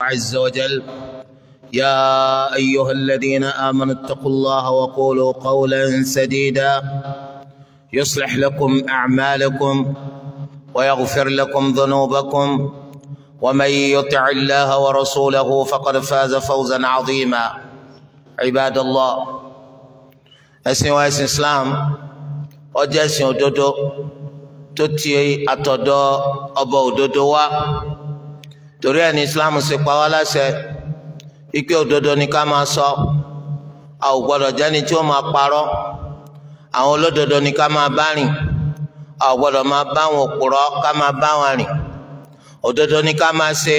عز وجل يا أيها الذين آمنوا اتقوا الله وقولوا قولا سديدا يصلح لكم أعمالكم ويغفر لكم ذنوبكم ومن يطع الله ورسوله فقد فاز فوزا عظيما عباد الله أسن وأسن إسلام أجاسن ودودو تتي أتدو أبو دودو torí ẹni islam ṣe pa wá láṣẹ ike òdodo ni ká máa sọ a ò gbọdọ̀ jẹ́ni tí ó máa parọ́ àwọn olódodo ni ká máa bá rìn a ò gbọdọ̀ máa bá wọn òpùrọ́ ká máa bá wọn rìn òdodo ni ká máa ṣe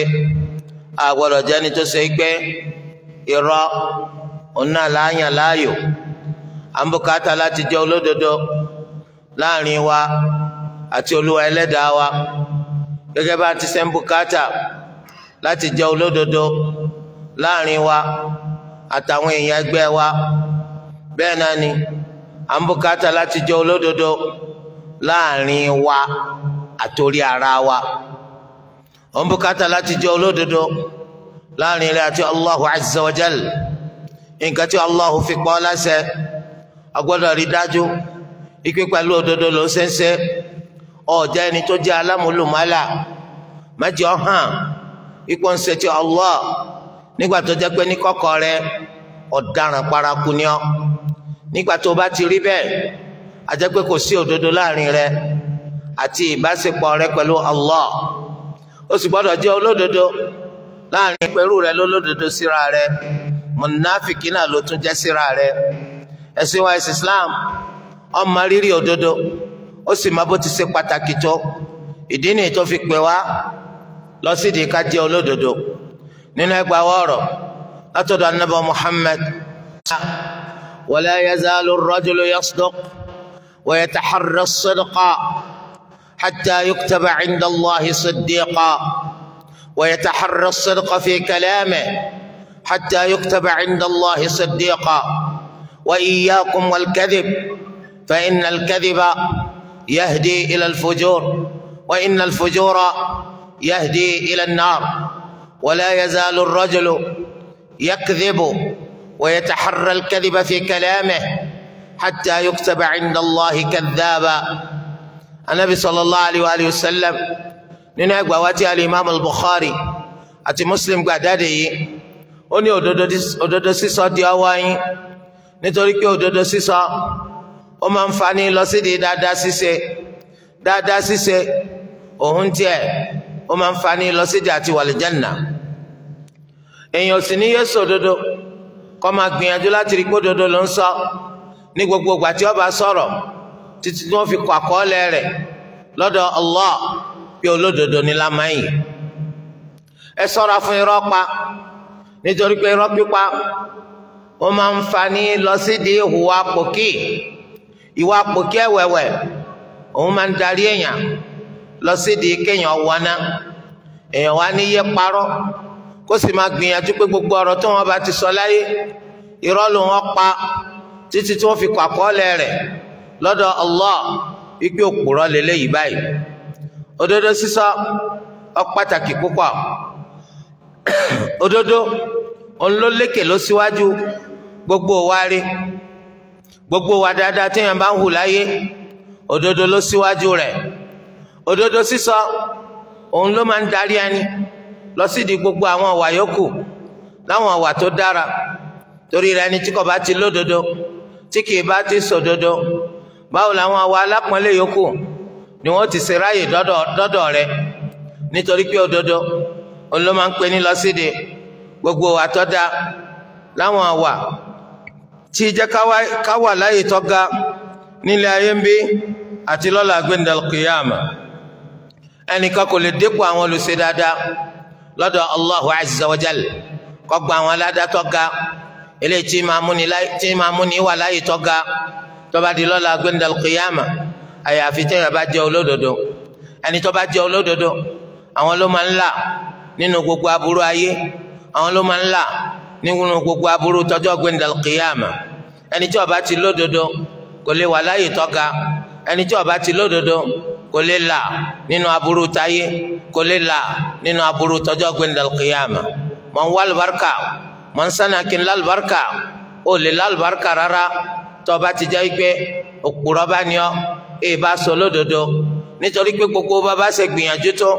a ò gbọdọ̀ jẹ́ni tó ṣe pé irọ́ òun láàyàn láàyò à láti jẹ́ olódodo láàrin wa àti olúwa ẹlẹ́dàá wa gẹ́gẹ́ bá ti ṣe ń bùkátà. láti jẹ́ olódodo láàrin wa àtàwọn èèyàn ẹgbẹ́ wa bẹ́ẹ̀ náà ni à ń bùkátà láti jẹ́ olódodo láàrin wa àtòrí ara wa à ń bùkátà láti jẹ́ olódodo láàrin rẹ̀ àti Allahu azawajal. wa nǹkan tí Allahu fi pa ọ́ láṣẹ a gbọ́dọ̀ rí dájú ikú pẹ̀lú òdodo ló ń ṣe ń ṣe ọ̀jẹ̀ ẹni tó jẹ́ alámúlùmálà má hàn. ipò ń ṣe ti Allah nígbà tó jẹ́ pé ní kọ́kọ́ rẹ ọ̀daràn paraku ni ọ́ nígbà tó bá ti rí bẹ́ẹ̀ a pé kò sí òdodo láàrin rẹ àti ìbáṣepọ̀ rẹ pẹ̀lú Allah o sì gbọ́dọ̀ jẹ́ olódodo láàrin pẹ̀lú rẹ lólódodo síra rẹ mùnàfìkì ló tún jẹ́ síra rẹ ẹ̀sìn wa ẹ̀sìn Islam ó rírì òdodo ó sì mọ bó ti ṣe pàtàkì tó ìdí nìyí tó fi pè lọ sí di ká jẹ́ olódodo nínú ẹgbà wọ́ọ̀rọ̀ látọ̀dọ̀ anábọ̀ muhammad wala yazalu ar-rajulu yasduq wa yataharra as-sidqa hatta yuktaba 'inda allahi siddiqa wa yataharra as-sidqa fi kalamihi hatta yuktaba 'inda allahi siddiqa wa iyyakum wal kadhib fa inna al-kadhiba yahdi ila al-fujur wa inna al-fujura يهدي إلى النار ولا يزال الرجل يكذب ويتحرى الكذب في كلامه حتى يكتب عند الله كذابا النبي صلى الله عليه وآله وسلم nínú ẹgbà wá tí alimam al-bukhari àti muslim gbà jáde yìí ó ní òdodo sísọ di ọwọ́ yín nítorí pé òdodo sísọ ó máa ń fani lọ sídìí dáadáa ṣíṣe dáadáa ṣíṣe òun tiẹ̀ ó máa ń fani lọ síjà àti wàlìjánà èèyàn sì ní yéṣu òdodo kọ́ máa gbìyànjú láti rí gbódodo ló ń sọ ní gbogbo ìgbà tí ó bá sọ̀rọ̀ títí tí wọ́n fi kọ àkọọ́lẹ̀ rẹ̀ lọ́dọ̀ Allah pé olódodo ni lámáyìn ẹ ṣọ́ra fún irọ́ pa nítorí pé irọ́ pípa ó máa ń fani lọ sídìí ìhùwà pòkì ìwà pòkì ẹ̀wẹ̀wẹ̀ òun máa ń darí èèyàn lọ sídìí kéèyàn wọná èèyàn wá ní yẹ parọ́ kó sì máa gbìyànjú pé gbogbo ọ̀rọ̀ tó wọn bá ti sọ láyé irọ́ ló wọn pa títí tí wọ́n fi kọ́ àkọọ́lẹ̀ rẹ̀ lọ́dọ̀ Allah wípé òpùrọ́ lélẹ́yìí báyìí òdodo sísọ ó pàtàkì púpọ̀ òdodo òun ló lékè ló síwájú gbogbo wa rí gbogbo wa dáadáa téèyàn bá ń hù láyé òdodo ló síwájú rẹ̀ òdodo sísọ òun ló máa ń darí ẹni lọ sídìí gbogbo àwọn ọ̀wà yòókù láwọn ọ̀wà tó dára torí rẹ ẹni tí kò bá ti lódodo tí kì í bá ti sòdodo báwo làwọn ọ̀wà alápọ̀nlé yòókù ni wọ́n ti ṣe ráàyè dọ́dọ̀ rẹ nítorí pé òdodo òun ló máa ń pè ní lọ sídìí gbogbo ọ̀wà tó dáa láwọn ọ̀wà tí jẹ́ káwà láyè tó ga nílé ayé ń bí àti lọ́la gbẹ̀ndàlùkìyàmà ẹnìkan kò lè dépò àwọn olùṣe dáadáa lọ́dọ̀ Allahu azza wa jal kó gba àwọn aládàá tó ga eléyìí tí máa múni wà láàyè tó ga tó bá di lọ́la gbẹ̀ndàl kìyàmà àyàfi téèyàn bá jẹ́ olódodo ẹni tó bá jẹ́ olódodo àwọn ló máa ń là nínú gbogbo aburú ayé àwọn ló máa ń là nínú gbogbo aburú tọjọ́ gbẹ̀ndàl kìyàmà ẹni tí ó ti lódodo kò lè wà láàyè tó ẹni tí ó ti lódodo kò lè là nínú aburú táyé kò lè là nínú aburú kiyama. gbẹndàlùkìyàmà mọ̀ ń wá àlùbáríkà mọ̀ ń sànà kí n lálùbáríkà ó lè lálùbáríkà rárá tọba ti jẹ́ pé òpùrọ̀ bá ní ọ èyí bá sọ lódodo nítorí pé gbogbo bàbá ṣe gbìyànjú tó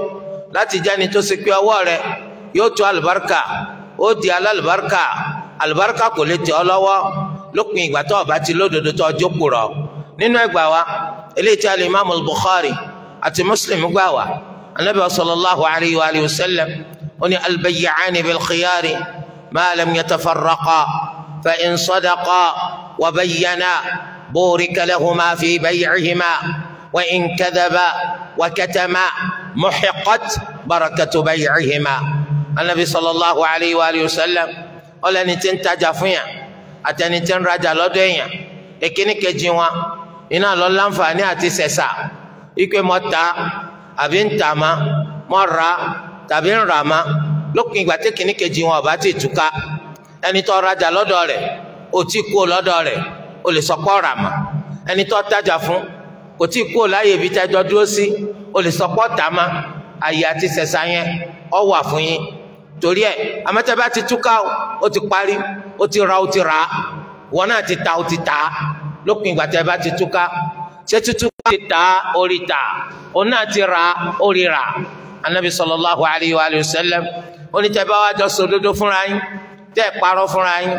láti jáni tó ṣe pé ọwọ́ rẹ yóò tó àlùbáríkà ó di alálùbáríkà àlùbáríkà kò lè tẹ̀ ọ́ lọ́wọ́ lópin ìgbà tó o ti lódodo tó ọjọ́ kù rọ nínú wa eléyìí tí al-Imam al-Bukhari àti Muslim gbà wá anabi sallallahu alayhi wa alihi wa sallam ó ní al-bayyi'ani bil-khiyari ma lam yatafarraqa fa in sadaqa wa bayyana burika lahuma fi bay'ihima wa in kadhaba wa katama muhiqat barakatu bay'ihima anabi sallallahu alayhi wa alihi wa sallam ó lẹ́ni tí ń tajà fún yàn àtẹni rajà lọ́dọ̀ yàn èkíní kejì iná lọ láǹfààní àti sẹ̀sà ikú mọ́ ta àbí ń tà má mọ́ ra tàbí ń rà má lópin ìgbà tí kìíní kejì wọn ọba ti túká ẹni tó rajà lọ́dọ̀ rẹ̀ ó ti kú lọ́dọ̀ rẹ̀ ó lè sọ pọ́ rà má ẹni tó tajà fún kò tí kú láàyè ibi tẹ́jọ́ dúró sí ó lè sọ tà má àyè àti sẹ̀sà yẹn ó wà fún yín torí ẹ amẹ́tẹ́bá ti túká ó ti parí ó ti ra ó ti rà wọn náà ti ta ó ti tà á lópin ìgbà tí ẹ bá ti túká ṣé tútúká ti ta orí ta òun náà ti ra orí ra anabi sallallahu alayhi wa sallam ó ní tẹ́ bá wá jọ sòdodo fúnra yín tẹ́ parọ́ fúnra yín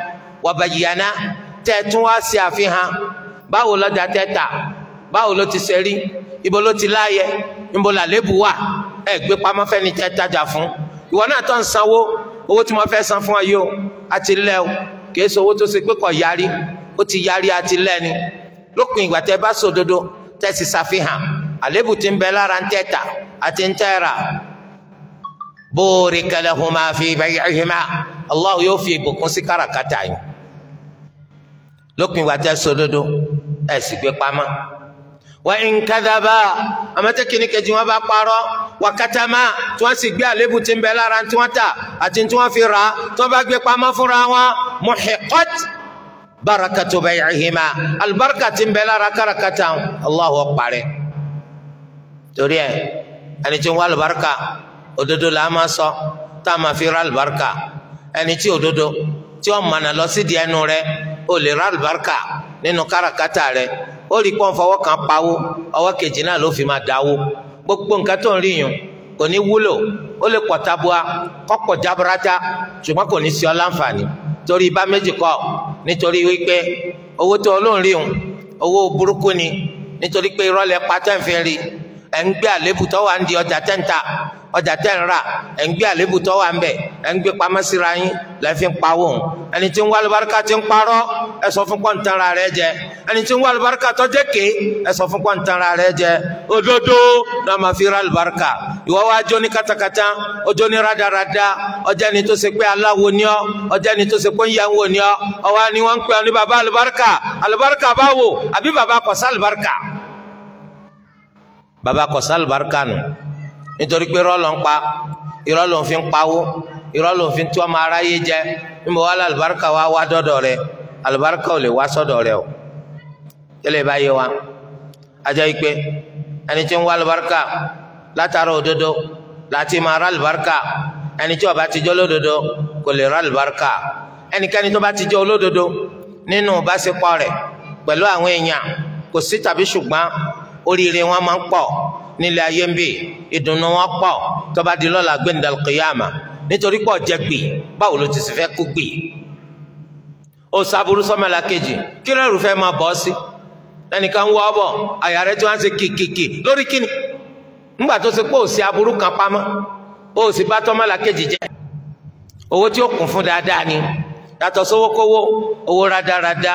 wa bayyana tẹ́ tún wá sí àfihàn báwo lọ́jà tẹ́ tà báwo ló ti ṣe rí ibo ló ti láàyè ibo làlébù wà ẹ gbé pamọ́ fẹ́ni tẹ́ tajà fún ìwọ náà tó ń sanwó owó tí mo fẹ́ san fún ọ yìí o àti lẹ́ o kì í ṣe owó tó ṣe pé kò yarí ó ti yarí àti lẹ́ni lópin ìgbà tẹ́ bá sòdodo tẹ́ sì ṣàfihàn àlébù tí ń bẹ lára ń tẹ́ ta àti ń tẹ́ ra burika lahuma fi bay'ihima Allah yóò fi ìbùkún sí káràkátà yìí lópin ìgbà tẹ́ sòdodo ẹ̀ sì gbé pamọ́ wa nkadaba amate kini kejì wọn bá parọ́ wakatama tí wọn sì gbé àlébù tí ń bẹ lára tí wọn ta àti tí wọn fi rà tí wọn bá gbé pamọ́ fúnra wọn muhiqat barakatu bay'ihima alibarika tí ń bẹ lára kárakáta Allahu ọ̀parẹ́ torí ẹ ẹni tí ń wá alibarika òdodo là á máa sọ tá a máa fi ra alibarika ẹni tí òdodo tí ó mọ̀nà lọ sí di ẹnu rẹ ó lè ra alibarika nínú kárakáta rẹ ó rí pọ́n fọwọ́ kan pawó ọwọ́ kejì náà ló fi máa dáwó gbogbo nǹkan tó ń rí yùn kò ní wúlò ó lè pọ̀ tabua kọ́pọ̀ jaburata ṣùgbọ́n kò ní sí láǹfààní torí bá méjì kọ́ nítorí wípé owó tó olóhùn rí òun owó burúkú ni nítorí pé irọ́ lẹ pa tẹ́ǹfẹ́ rí ẹ̀ ń gbé àlébù tó wà ń di ọjà tẹ́ǹta ọjà tẹ́ ń rà ẹ̀ ń gbé àlébù tó wà ń bẹ̀ ẹ̀ ń gbé pamọ́ síra yín lẹ́fí ń pawó ń ẹni tí ń wá alùbáríkà tí ń parọ́ ẹ sọ fún pọ́ǹtanra rẹ jẹ ẹni tí ń wá alùbáríkà tó jẹ́ ké ẹ sọ fún pọ́ǹtanra rẹ jẹ òdodo náà máa fi ra alùbáríkà ìwọ wá jó ní katakata ó jó ní radarada ọjà ni tó ṣe pé aláwo ni ọ ọjà ni tó ṣe pé ìyàwó ni ọ ọwọ́ ni wọ́n ń pè ọ ní baba alùbáríkà alùbáríkà báwo àbí baba kọ̀sá alùbáríkà baba kọ̀sá alùbáríkà nù nítorí pé irọ́ ló ń pa irọ́ ló ń fi ń pawó irọ́ ló ń fi ń tí ọmọ aráyé jẹ níbo wá lálùbáríkà wá wá dọ́dọ̀ rẹ àlùbáríkà ò lè wá sọ́dọ̀ rẹ o tẹ́lẹ̀ bá yé wa ajá yìí pé ẹni tí ń wá àlùbáríkà látara òdodo láti máa ra àlùbáríkà ẹni tí ó bá ti jẹ́ olódodo kò lè ra àlùbáríkà ẹnikẹ́ni tó bá ti jẹ́ olódodo nínú ìbáṣepọ̀ rẹ̀ pẹ̀lú àwọn èèyàn kò sí tàbí ṣùgbọ́n oríire wọn máa ń pọ̀ nílé ayé ń bì ìdùnnú wọn pọ̀ tó bá di lọ́la gbẹ̀ndàl kìyàmà nítorí pọ̀ jẹ́ gbì báwo ló ti sì fẹ́ kú gbì. ó sábúrú sọ́mọ́lá kejì kí lẹ́rù fẹ́ máa bọ́ sí ẹnìkan wọ́ ọ́bọ̀ àyà rẹ tí wọ́n ṣe kìkìkì lórí kíni ńgbà tó ṣe pé òsì aburú kan pamọ́ òsì bá tọ́mọ́lá kejì jẹ́ owó tí ó kún fún dáadáa ni. yàtọ̀ sówó kówó owó rádaràda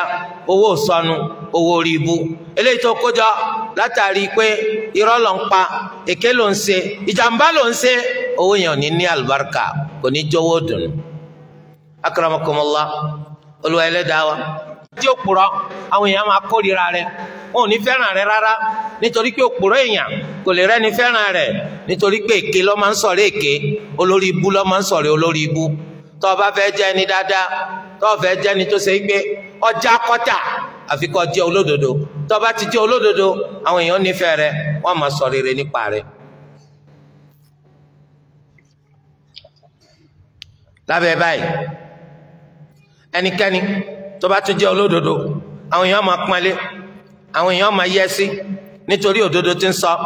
owó sọnù owó rìbú eléyìí tó kójọ látàrí pé irọ́ ló ń pa èké ló ń ṣe ìjàmbá ló ń ṣe owó yẹn ò ní ní àlùbáríkà kò ní jówó dùn. ẹlẹ́dàá wa tí òpùrọ́ àwọn èèyàn máa kórìíra rẹ̀ wọn ò ní fẹ́ràn rẹ̀ rárá nítorí pé òpùrọ́ èèyàn kò lè rẹ́ni fẹ́ràn rẹ̀ nítorí pé èké ló tó bá fẹ́ jẹ́ ẹni dáadáa tó fẹ́ jẹ́ ẹni tó ṣe é gbé ọjà kọ́tà àfi kó jẹ́ olódodo tó bá ti jẹ́ olódodo àwọn èèyàn nífẹ̀ẹ́ rẹ wọ́n máa sọ rere nípa rẹ. lábẹ́ báyìí ẹnikẹ́ni tó bá tún jẹ́ olódodo àwọn èèyàn máa pọ́nlé àwọn èèyàn máa yẹ́ sí nítorí òdodo tí ń sọ. So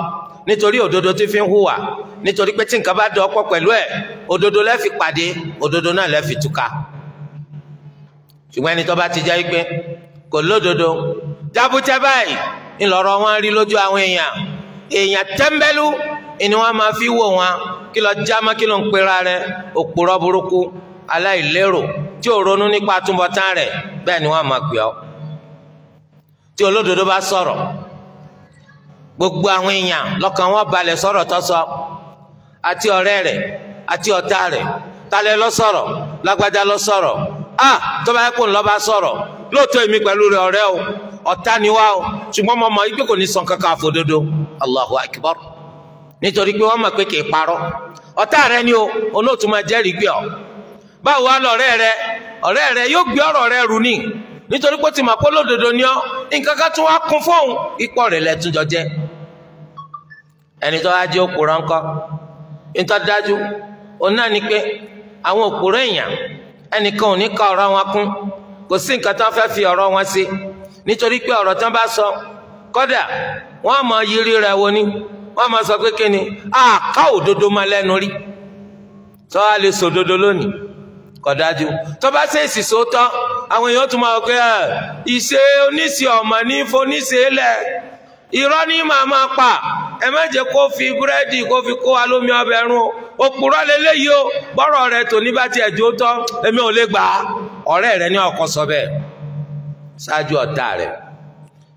nítorí òdodo tí fi ń hùwà nítorí pé tí nǹkan bá dán ọ̀pọ̀ pẹ̀lú ẹ̀ òdodo lẹ́fi pàdé òdodo náà lẹ́fi túká ṣùgbọ́n ẹni tó bá ti jẹ́ pé kò lódodo jábútẹ́ báyìí ńlọrọ wọn rí lójú àwọn èèyàn èèyàn tẹ́ḿbẹ́lú ni wọ́n máa fi wò wọn kí lọ jámọ́ kí ló ń pera rẹ òpùrọ̀ burúkú aláìlérò tí ò ronú nípa àtúbọ̀tán rẹ̀ bẹ́ẹ̀ ni wọ́n máa pè ọ́ tí olódodo bá sọ̀rọ̀ gbogbo àwọn èèyàn lọ wọn balẹ̀ sọ̀rọ̀ tó sọ àti ọrẹ rẹ àti ọ̀tá rẹ t'alẹ lọ sọrọ lagbada lọ sọrọ a tọba bá yẹ kó ń lọ bá sọrọ lóòótọ́ èmi pẹ̀lú o ni o mo ibi kò ní sàn kankan Allahu rẹ ni o onótùmọ̀ jẹ́rìí gbé ọ báwo rẹ ọrẹ rẹ yóò gbé rẹ nítorí pé ó ti mà pé olódodo ni ọ́ nǹkan kan tún wá kún fóun ipò rẹ̀ lẹ́túnjọ jẹ́ ẹni tó wá jẹ́ òpùrọ̀ ńkọ́ nítorí dájú òun náà ni pé àwọn òpùrọ̀ èèyàn ẹnìkan ò ní ka ọ̀rọ̀ wọn kún kò sí nǹkan tó fẹ́ fi ọ̀rọ̀ wọn sí nítorí pé ọ̀rọ̀ tán bá sọ kódà wọ́n mọ yiri rẹ̀ wo ni wọ́n mọ sọ pé kí ni àká òdodo máa lẹ́nu rí tó wá lè sòdodo lónìí kò dájú tó bá ṣèèsì sóòótọ́ àwọn èèyàn tún máa pé ìṣe oníṣe ọmọ ní foníṣe lẹ̀ irọ́ ní màá máa pa ẹ má jẹ́ kó fi búrẹ́dì kó fi kó wa lómi ọbẹ̀ rún o òpùrọ́ lélẹ́yìí o bọ́rọ̀ rẹ tò ní bá tiẹ̀ jó tọ́ èmi ò lè gbà á ọ̀rẹ́ rẹ ní ọkọ sọ bẹ́ẹ̀ ṣáájú ọ̀tá rẹ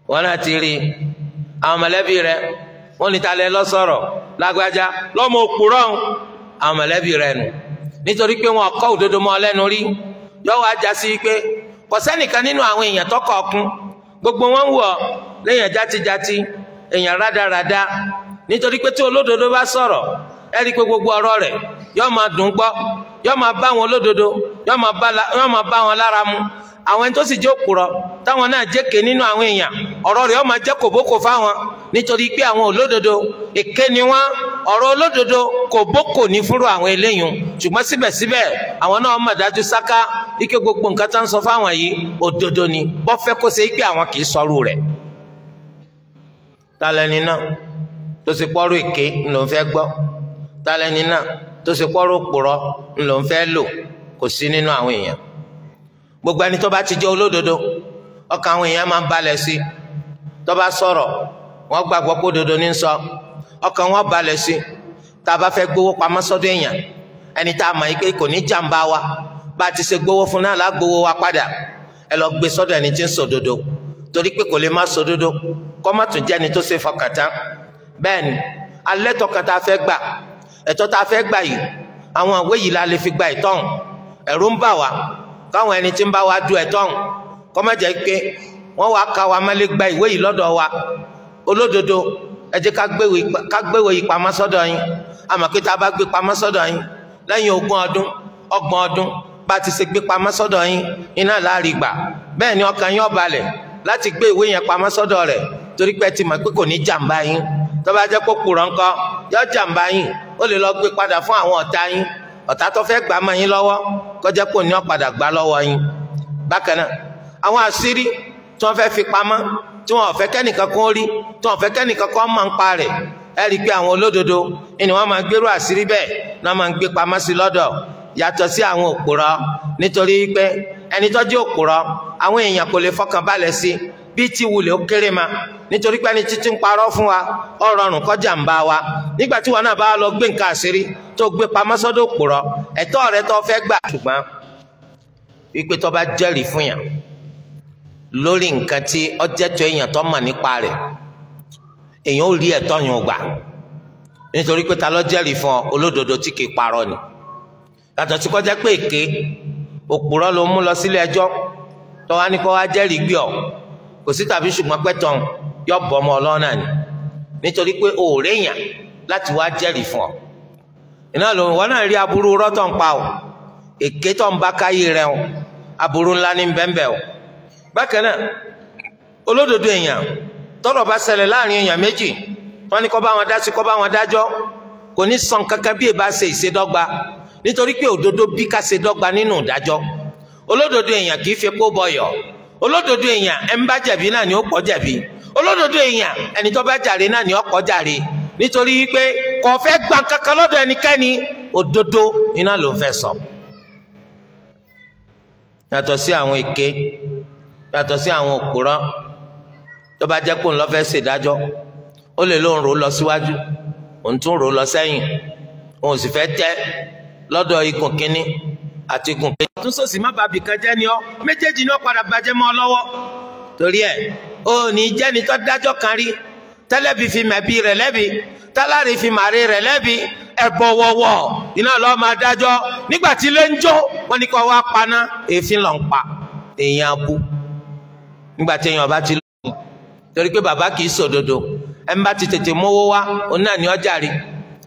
wọn náà ti rí àwọn mọ̀lẹ́bí rẹ wọn níta lẹ lọ́sọ̀rọ̀ lágbájá lọ́mọ òpùrọ́ àwọn mọ̀lẹ́bí rẹ nù nítorí pé wọn kọ́ òdodo mọ́ lẹ́nu rí yọ wá já sí pé kò sẹ́nìkan nínú àwọn èèyàn tọkọ ọkùn gbogbo wọn ń wọ lẹ́yìn játijáti èèyàn rádaràda nítorí pé tí olódodo bá sọ̀rọ̀ ẹ rí i pé gbogbo ọ̀rọ̀ rẹ̀ yóò máa dùn gbọ́ yóò máa bá wọn olódodo yóò máa bá wọn lára mu àwọn tó sì jẹ́ òpùrọ̀ táwọn náà jẹ́kẹ̀ nínú àwọn èèyàn ọ̀rọ̀ rẹ̀ ó máa jẹ́ kòbókò fáwọn nítorí pé àwọn olódodo èké ni wọ́n ọ̀rọ̀ olódodo kòbókò ní fúnrú àwọn eléyìí ṣùgbọ́n síbẹ̀síbẹ̀ àwọn náà dájú sáká ike gbogbo nǹkan ń sọ fáwọn yìí òdodo ni bọ́ fẹ́ kó ṣe pé àwọn kì í gbọ́ náà tó pọ́rọ̀ òpùrọ̀ ńlò ń fẹ́ lò gbogbo ẹni tó bá ti jẹ́ olódodo ọkàn àwọn èèyàn máa ń balẹ̀ sí i tó bá sọ̀rọ̀ wọ́n gbàgbọ́ pé òdodo ní sọ ọkàn wọn balẹ̀ sí i tá a bá fẹ́ gbowó pamọ́ sọ́dọ̀ èèyàn ẹni tá a mọ̀ yìí pé kò ní jàǹbá wa bá a ti ṣe gbowó fún náà lágbowó wa padà ẹ lọ gbé sọ́dọ̀ ẹni tí ń sòdodo torí pé kò lè má sòdodo kó má tún jẹ́ni tó ṣe fọkàntán bẹ́ẹ̀ alẹ́ tọkàn tá a fẹ́ gbà ẹ̀tọ́ tá a fẹ́ gbà yìí àwọn àwé yìí la lè fi gba ìtọ́hún ẹ̀rù ń bà wá káwọn ẹni tí ń bá wa du ẹ̀tọ́ ọ̀hún pé wọ́n wá ká wa mẹ́lẹ́ gba ìwé yìí lọ́dọ̀ wa olódodo ẹ jẹ́ ká gbéwò yìí pamọ́ sọ́dọ̀ yín àmọ́ pé tá a bá gbé pamọ́ sọ́dọ̀ yín lẹ́yìn ogún ọdún ọgbọ̀n ọdún bá ti ṣe gbé pamọ́ sọ́dọ̀ yín iná láàrin gbà bẹ́ẹ̀ ni ọkàn yín ó balẹ̀ láti gbé ìwé yẹn pamọ́ sọ́dọ̀ rẹ̀ torí pé ti mọ̀ pé kò ní jàǹbá yín tó jẹ́ kó kùrọ̀ ńkọ́ yọ jàǹbá yín ó lè lọ gbé padà fún àwọn ọ̀tá yín ọ̀tá tó fẹ́ gbà máa yín lọ́wọ́ kọjá pò ní ọ̀padà gbà lọ́wọ́ yín bákan náà àwọn àṣírí tí wọ́n fẹ́ fi pamọ́ tí wọ́n fẹ́ kẹ́nìkan kó rí tí wọ́n fẹ́ kẹ́nìkan kó máa ń pa rẹ̀ ẹ rí i pé àwọn olódodo ni wọ́n máa gbérú àṣírí bẹ́ẹ̀ ni wọ́n máa ń gbé pamọ́ sí lọ́dọ̀ yàtọ̀ sí àwọn òpùrọ̀ nítorí pé ẹni tó òpùrọ̀ àwọn èèyàn kò lè fọkàn balẹ̀ sí bí ti wulẹ̀ ó kéré ma nítorí pé ẹni títí ń parọ́ fún wa ó rọrùn kọjá ń bá wa nígbà tí wọn náà bá lọ gbé nǹkan àṣírí tó gbé pamọ́ sọ́dọ̀ òpùrọ́ ẹ̀tọ́ rẹ tó fẹ́ gbà ṣùgbọ́n wípé tó bá jẹ́rìí fún yàn lórí nǹkan tí ta ló jẹ́rìí fún ọ olódodo tí kì í parọ́ ni yàtọ̀ sí kọjá pé èké ló mú lọ sílé ẹjọ́ tó wá ní kò sí tàbí ṣùgbọ́n pẹ́tàn yọ bọ́ ọmọ ọlọ́nà ni nítorí pé òòrè yàn láti wá jẹ́rìí fún ọ. iná ló wọn náà rí aburú rọ́tọ̀ ń pa o èké tó ń bá káyé rẹ o aburú ńlá ní bẹ́ńbẹ́ o. bákan náà olódodo èèyàn tọ́rọ̀ bá ṣẹlẹ̀ láàrin èèyàn méjì wọ́n ní kó bá wọn dá sí bá wọn dájọ́ kò ní san kankan bí èèbá ṣe ìṣedọ́gba nítorí pé òdodo bí ká ṣe nínú ìdájọ́ olódodo èèyàn kì í fi epo bọyọ̀ olódodo èèyàn ẹni bá jẹ̀bi náà ni ó pọ̀ jẹ̀bi olódodo èèyàn ẹni jàre náà ni ó jàre nítorí pé kò fẹ́ lọ́dọ̀ ẹnikẹ́ni òdodo iná ló fẹ́ sọ. yàtọ̀ sí àwọn èké yàtọ̀ sí àwọn òpùrọ́ tó bá jẹ́ fẹ́ ṣèdájọ́ ó lè àti gùn pé. ọ̀tún sòsì má bàbí kan jẹ́ ni ọ́ méjèèjì ni ó padà bàjẹ́ mọ́ ọ lọ́wọ́. torí ẹ̀ o ní jẹ́ni tó dájọ́ kan rí tẹ́lẹ̀bí fi mẹ̀bí rẹ̀ lẹ́bi tálárì fi màrí rẹ̀ lẹ́bi ẹ̀bọ̀ wọ̀wọ̀ iná lọ́ọ́ máa dájọ́ nígbà tí ilé ń jó wọ́n ní kó wá paná èéfín lọ́n pa èèyàn abú nígbà tí èèyàn bá ti lọ́ọ́ torí pé bàbá kì í sòdodo ẹ̀ ń bá ti tètè mówó wá òun náà ní ọjà rí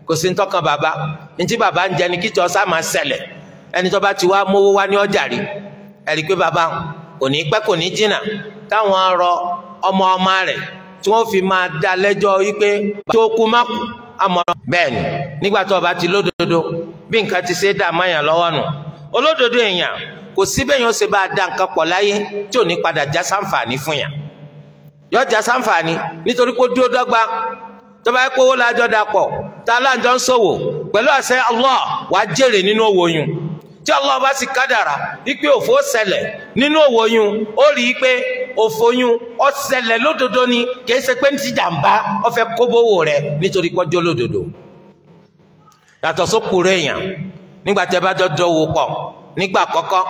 kò sí ń tọ́kan bàbá ní tí bàbá ń jẹ ní kíjọ sá máa ṣẹlẹ̀ ẹni tó bá ti wá mówó wá ní ọjà rí ẹ̀rí pé bàbá kò ní pẹ́ kò ní jìnnà táwọn ọ̀rọ̀ ọmọ ọmọ rẹ̀ tí wọ́n fi máa dá lẹ́jọ́ wípé tó kú má kú àmọ̀ràn. bẹ́ẹ̀ni nígbà tó o bá ti lódodo bí nǹkan ti ṣe dá mayàn lọ́wọ́ nù olódodo èèyàn kò sí bẹ́yàn ó ṣe bá a dá nǹkan pọ̀ láyé tí ò ní padà já sáǹfààní fún yàn yọ já sáǹfààní nítorí pé dúró dọ́gba tó bá yẹ pé owó lájọ́ dapọ̀ tá a láǹjọ́ ń ṣòwò pẹ̀lú àṣẹ Allah wàá jèrè nínú òwò tí Allah bá sì kádàrá wípé òfò ṣẹlẹ̀ nínú òwò ó rí i pé òfò yun ó ṣẹlẹ̀ lódodo ni kìí ṣe pé ní ti jàǹbá ó fẹ́ kóbówó rẹ̀ nítorí pọ́jọ́ lódodo yàtọ̀ sókùrú èèyàn nígbà tí ẹ bá dọ́dọ́ wò pọ̀ nígbà àkọ́kọ́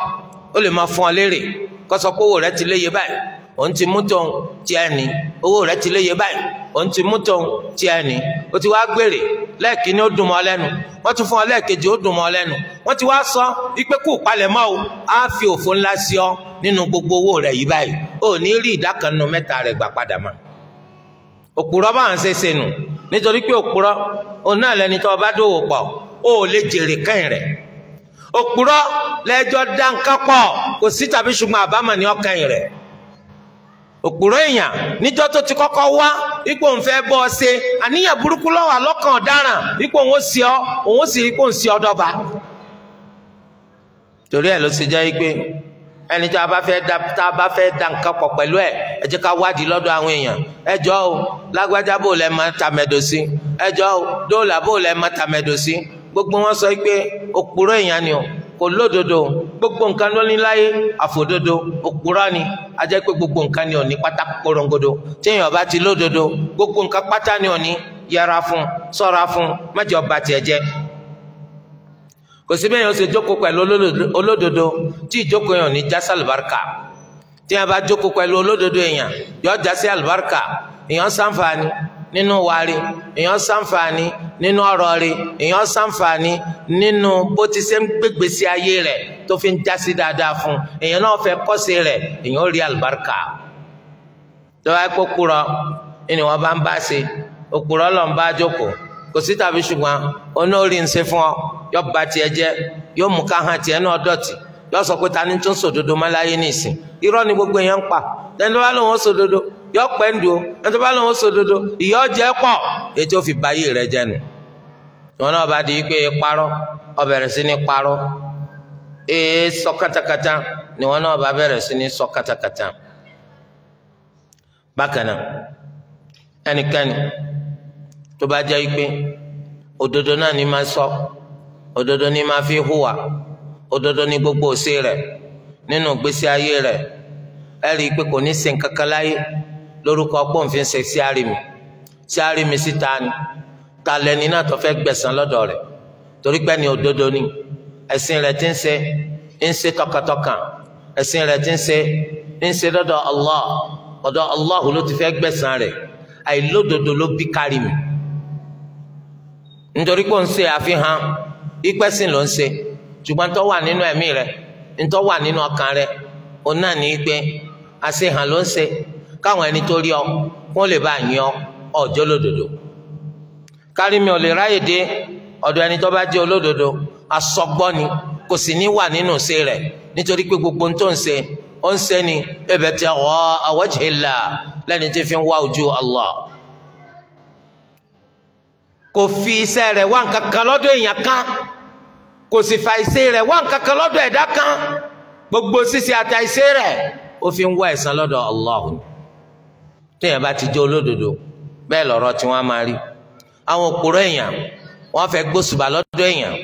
ó lè máa fún ọ lérè kó sọ pé owó rẹ̀ ti léye báyìí òun ti mú tóun tiẹ̀ ní owó rẹ̀ ti léye báyìí òun ti mú tóun tí ẹ ní o ti wá gbèrè lẹ́ẹ̀kínní ó dùn mọ́ lẹ́nu wọ́n ti fún ọ lẹ́ẹ̀kejì ó dùn mọ́ lẹ́nu wọ́n ti wá sọ wípé kú palẹ̀ mọ́ o á fi òfò ńlá sí ọ nínú gbogbo owó rẹ̀ yìí báyìí o ní rí ìdá kan nínú mẹ́ta rẹ̀ gbà padà mọ́ òpùrọ́ bá ń ṣe ṣe nù nítorí pé òpùrọ́ òun náà lẹni tó bá dòwò pọ̀ o ò lè jèrè kẹ́yìn rẹ̀ òpùrọ́ lẹ́jọ́ dá nǹkan pọ̀ kò sí tàbí ṣùgbọ́n àbámọ̀ ní ọkàn rẹ̀ òpùrọ̀ èèyàn níjọ́ tó ti kọ́kọ́ wá ipò ń fẹ́ bọ́ ọ ṣe àníyàn burúkú ló wà lọ́kàn ọ̀daràn ipò òun ó sì ọ òun ó sì ipò ń sí ọdọba. torí ẹ̀ ló ṣe jẹ́ pé ẹni tí a bá fẹ́ da tá a bá fẹ́ da nǹkan pọ̀ pẹ̀lú ẹ̀ ẹ jẹ́ ká wádìí lọ́dọ̀ àwọn èèyàn ẹ jọ o lágbájá bò lẹ́ máa ta mẹ́dọ̀ sí ẹ jọ o dóòlà bò lẹ́ máa ta mẹ́dọ̀ sí gbogbo wọn sọ pé òpùrọ̀ èèyàn ni o kò lódodo gbogbo nǹkan ló ní láyé àfòdodo òkúra ni ajẹ́ pé gbogbo nǹkan ni òní pátá korongodo téèyàn bá ti lódodo gbogbo nǹkan pátá ni òní yẹra fún ṣọ́ra fún má jẹ́ ó ba tiẹ̀ jẹ́ kò sí bẹ́ẹ̀ yẹn ó ṣe jókòó pẹ̀lú olódodo tí ìjókòó yẹn ò ní já sí àlùbáríkà tí yẹn bá jókòó pẹ̀lú olódodo èèyàn yọ já sí àlùbáríkà èèyàn ṣàǹfààní nínú wàrí èèyàn ṣàǹfààní nínú ọ̀rọ̀ rí èèyàn ṣàǹfààní nínú bó ti ṣe ń gbégbèsè ayé rẹ̀ tó fi ń jásí dáadáa fún èèyàn náà fẹ́ kọ́sí rẹ̀ èèyàn rí àlùbáríkà lọ́wọ́ ẹ̀kọ́ kúrọ̀ ni wọ́n bá ń bá ṣe òkúrọ̀ lọ́n bá jókòó kò sí tàbí ṣùgbọ́n onórí ń ṣe fún ọ yóò bà tiẹ̀ jẹ́ yóò mú káhàn tiẹ̀ náà dọ̀tí yóò sọ pé ta ni tún sòdodo mọ́ láyé nìsín irọ́ ni gbogbo èèyàn ń pa tẹ́ńdọ́lá yọ pẹ́ ń do ẹtọ́ bá lóun sòdodo ìyọ́ jẹ́ pọ̀ ètò òfin báyé rẹ jẹ́ nu wọn náà bá di pé e parọ́ ọbẹ̀rẹ̀ sí ní parọ́ ee sọ katakata ni wọn náà bá bẹ̀rẹ̀ sí ní sọ katakata bákan náà ẹnikẹ́ni tó bá jẹ́ pé òdodo náà ni máa sọ òdodo ni máa fi hùwà òdodo ni gbogbo òsè rẹ, nínú ìgbésí ayé rẹ, ẹ rí i pé kò ní sin kankan lórúkọ pọ́ǹfin ṣe sí àrími sí àrími síta ni ta lẹni náà tó fẹ́ gbẹ̀san lọ́dọ̀ rẹ̀ torí pé ní òdodo ni ẹ̀sìn rẹ̀ ti ń ṣe ń ṣe tọkàntọkàn ti ń ṣe ń ṣe lọ́dọ̀ Allah ọ̀dọ̀ Allah ló ti fẹ́ gbẹ̀san rẹ̀ àìlódodo ló bí nítorí pé ó àfihàn ìpẹ́sìn ló ń ṣe wà nínú ẹ̀mí rẹ̀ tó wà nínú ọkàn rẹ̀ òun náà ní í àṣehàn ló káwọn ẹni tó rí ọ kó lè bá yan ọjọ́ lódodo kárí mi ò lè ráyè dé ọ̀dọ̀ ẹni tó bá jẹ́ olódodo asọgbọ́ni kò sì ní wà nínú ṣe rẹ̀ nítorí pé gbogbo ohun tó ń ṣe ó ń ṣe ni ẹ̀bẹ̀ tẹ ọ àwọjìlá lẹni tí fi ń wá ojú Allah kò fi iṣẹ́ rẹ̀ wá nǹkan kan lọ́dọ̀ èèyàn kan kò sì fa iṣẹ́ rẹ̀ wá nǹkan kan lọ́dọ̀ ẹ̀dá kan gbogbo ṣíṣe àtàìṣe rẹ̀ ó fi ń wá ẹ̀san lọ́dọ̀ Allah ni téèyàn bá ti jẹ́ olódodo bẹ́ẹ̀ lọ̀rọ̀ tí wọ́n á máa rí àwọn òpòrọ̀ èèyàn wọ́n fẹ́ gbósùbà lọ́dọ̀ èèyàn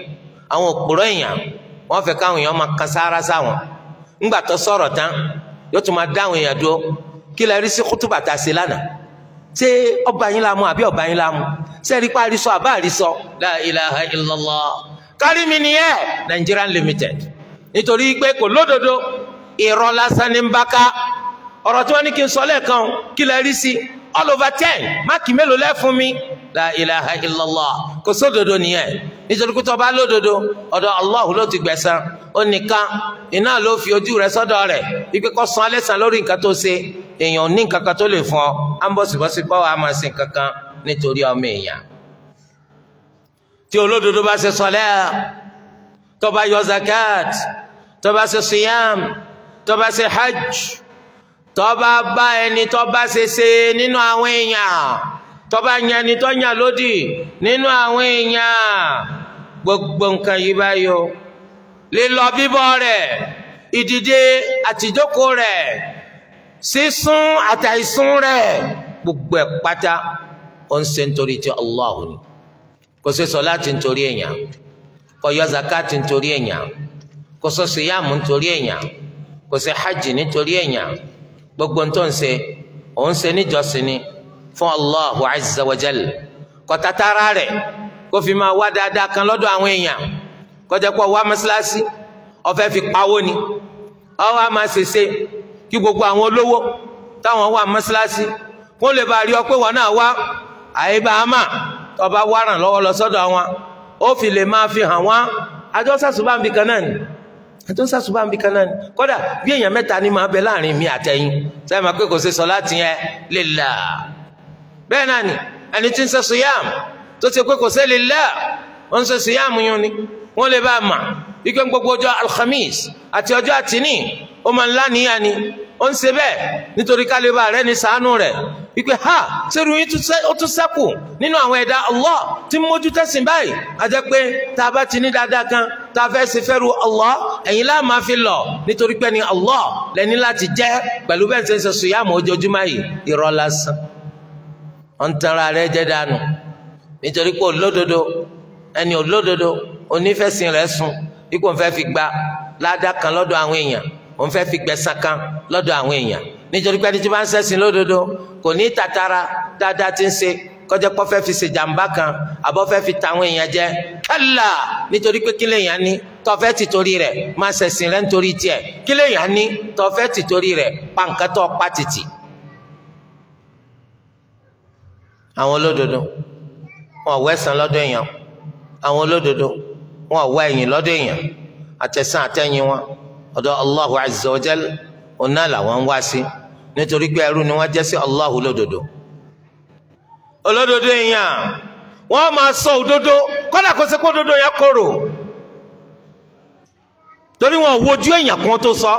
àwọn òpòrọ̀ èèyàn wọ́n fẹ́ káwọn èèyàn máa kan sáárá sáwọn ńgbà tó sọ̀rọ̀ tán yóò tún máa dáhùn èèyàn dúró kí lẹ rí sí kútùbà tá a ṣe lánàá ṣé ọba yín la àbí ọba yín la ṣé rí parí sọ àbá rí sọ la ilaha illallah kárí mi nìyẹn Nigerian limited nítorí pé kò lódodo irọ́ lásán ní ń bá ká ọ̀rọ̀ tí wọ́n ní kí n sọ lẹ́ẹ̀kan kí lẹ rí sí all over ten máàkì mélòó lẹ fún mi la ilaha illallah kò sódodo nìyẹn nítorí pé tó bá lódodo ọ̀dọ̀ Allah ló ti gbẹ̀san ó nìkan iná ló fi ojú rẹ sọ́dọ̀ rẹ̀ wípé kó san lẹ́san lórí nǹkan tó ṣe èèyàn ní nǹkan kan tó lè fún ọ á ń bọ̀sibọ́sí pọ́wọ́ á máa ṣe nǹkan kan nítorí ọmọ èèyàn tí olódodo bá ṣe sọlẹ́ tó bá yọ zakat tó bá ṣe siyam tó bá ṣe hajj tọ́ba bá ẹni tọ́ba ṣeṣe nínú àwọn èèyàn tọ́ba yan ẹni tó yàn lódì nínú àwọn èèyàn gbogbo nǹkan yìí báyìí o lílọ bíbọ̀ rẹ̀ ìdìde àtìjókòó rẹ̀ sísún àtàìsún rẹ̀ gbogbo ẹ̀ pátá ó ń ṣe nítorí ti Allah ni kò ṣe sọ̀láàtì nítorí èèyàn kò yọ zakati nítorí èèyàn kò ṣe síyàmù nítorí èèyàn kò ṣe hajj nítorí èèyàn gbogbo ń tó ń ṣe òun ṣe níjọsìn ni fún Allahu azza wa jal kọta tara rẹ̀ kó fi máa wá dáadáa kan lọ́dọ̀ àwọn èèyàn kọjá pọ̀ wá mọ́ṣáláṣí ọ̀fẹ́ fi pawó ni ọwọ́ a máa ṣèṣe kí gbogbo àwọn olówó táwọn wà mọ́ṣáláṣí kó lè bá rí ọ pé wọn náà wá àyíbá àmà tọba wárán lọ́wọ́ lọ sọ́dọ̀ wọn ó fi lè máa fi hàn wọn àjọ sàṣùbà nbìkan náà ni àtún sàṣùbà ń bí kan náà ni kódà bí èèyàn mẹ́ta ni máa bẹ láàrin mi àtẹ̀yìn sẹ́yìn máa pé kò ṣe sọ láti yẹn lélà bẹ́ẹ̀ náà ni ẹni tí ń ṣe sùyàm tó ṣe pé kò ṣe lélà ó ń ṣe sùyàm yún ni wọ́n lè bá a mà ike gbogbo ọjọ́ alhamis àti ọjọ́ àtìní ó máa ń lánìyàn ni ó ń ṣe bẹ́ẹ̀ nítorí kálíbà rẹ ní sàánú rẹ wípé ha ṣerú yín ó tún sẹ́kù nínú àwọn ẹ̀dá Allah tí mójútẹ́sìn báyìí àjẹpé tá a bá ti ní dáadáa kan tá a fẹ́ ṣe fẹ́rù Allah ẹ̀yin láà máa fi lọ nítorí pé ni Allah lẹ́ni láti jẹ́ pẹ̀lú bẹ́ẹ̀ ṣe ń ṣe sùyàmù ojoojúmọ́ yìí irọ́ lásán ọ̀n tanra rẹ jẹ́ dànù nítorí pé olódodo ẹni olódodo onífẹ̀sìn rẹ̀ sùn ikú òun fẹ́ fi gba ládàá lọ́dọ̀ àwọn èèyàn òun fẹ́ fi gbẹ̀san kan lọ́dọ̀ àwọn èèyàn nítorí pé ẹni tí wọ́n bá ń ṣẹ̀sìn lódodo kò ní tàtàrà dáadáa ti ń ṣe kọjá pọ́ fẹ́ fi ṣe jàǹbá kan àbọ̀ fẹ́ fi ta àwọn èèyàn jẹ kálá nítorí pé kílẹ̀ èèyàn ni, tọ́fẹ́ ti torí rẹ̀ máa ṣẹ̀sìn rẹ̀ nítorí tiẹ̀ kílẹ̀ èèyàn ní tọ́fẹ́ ti torí rẹ̀ pàǹkátọ́ pátìtì. àwọn olódodo wọn wọ ẹ̀san lọ́dọ̀ èèyàn àwọn olódodo wọn wọ ẹ̀yìn lọ́dọ̀ èèyàn àtẹ̀san àtẹ̀yìn wọn ọ̀dọ̀ Allahu azza wa jal ọ̀nà làwọn ń wá sí nítorí pé ẹrú ni wọ́n jẹ́ sí Allahu lódodo olódodo èèyàn wọ́n máa sọ òdodo kọ́dà kó ṣe kó òdodo yẹn korò torí wọn wojú èèyàn kan tó sọ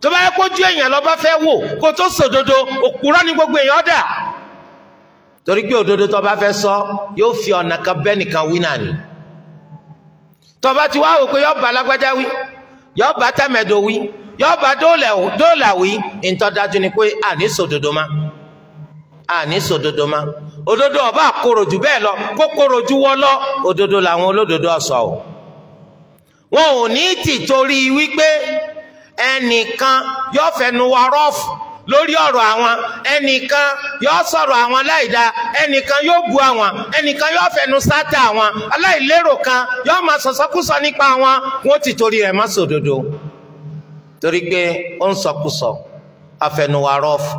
tó bá yẹ kójú èèyàn lọ bá fẹ́ wò kó tó sòdodo òkúrọ́ ni gbogbo èèyàn dà torí pé òdodo tó bá fẹ́ sọ yóò fi ọ̀nà kan bẹ́ẹ̀ nìkan wí náà ni tó bá ti wá wò pé yọ́ọ̀bà alágbájá wí yọ́ọ̀bà tàmẹ̀dọ̀ wí yọ́ọ̀bà dóòlà wí ntọ́dájú ni pé àní sòdodo máa àní sòdodo ma òdodo ọba àkòròjù bẹ́ẹ̀ lọ kó kòròjù wọ́ lọ òdodo làwọn olódodo ọ̀sọ̀ o wọn ò ní tì torí wípé ẹnìkan yóò fẹnu wa rọ́ọ̀fù lórí ọ̀rọ̀ àwọn ẹnìkan yóò sọ̀rọ̀ àwọn aláìda ẹnìkan yóò bu àwọn ẹnìkan yóò fẹnu sáta àwọn aláìlérò kan yóò máa sọ̀sọ́kúsọ nípa àwọn wọn ti torí rẹ̀ má sòdodo torí pé ó ń sọkúsọ afẹnuwa rọ́ọ̀fù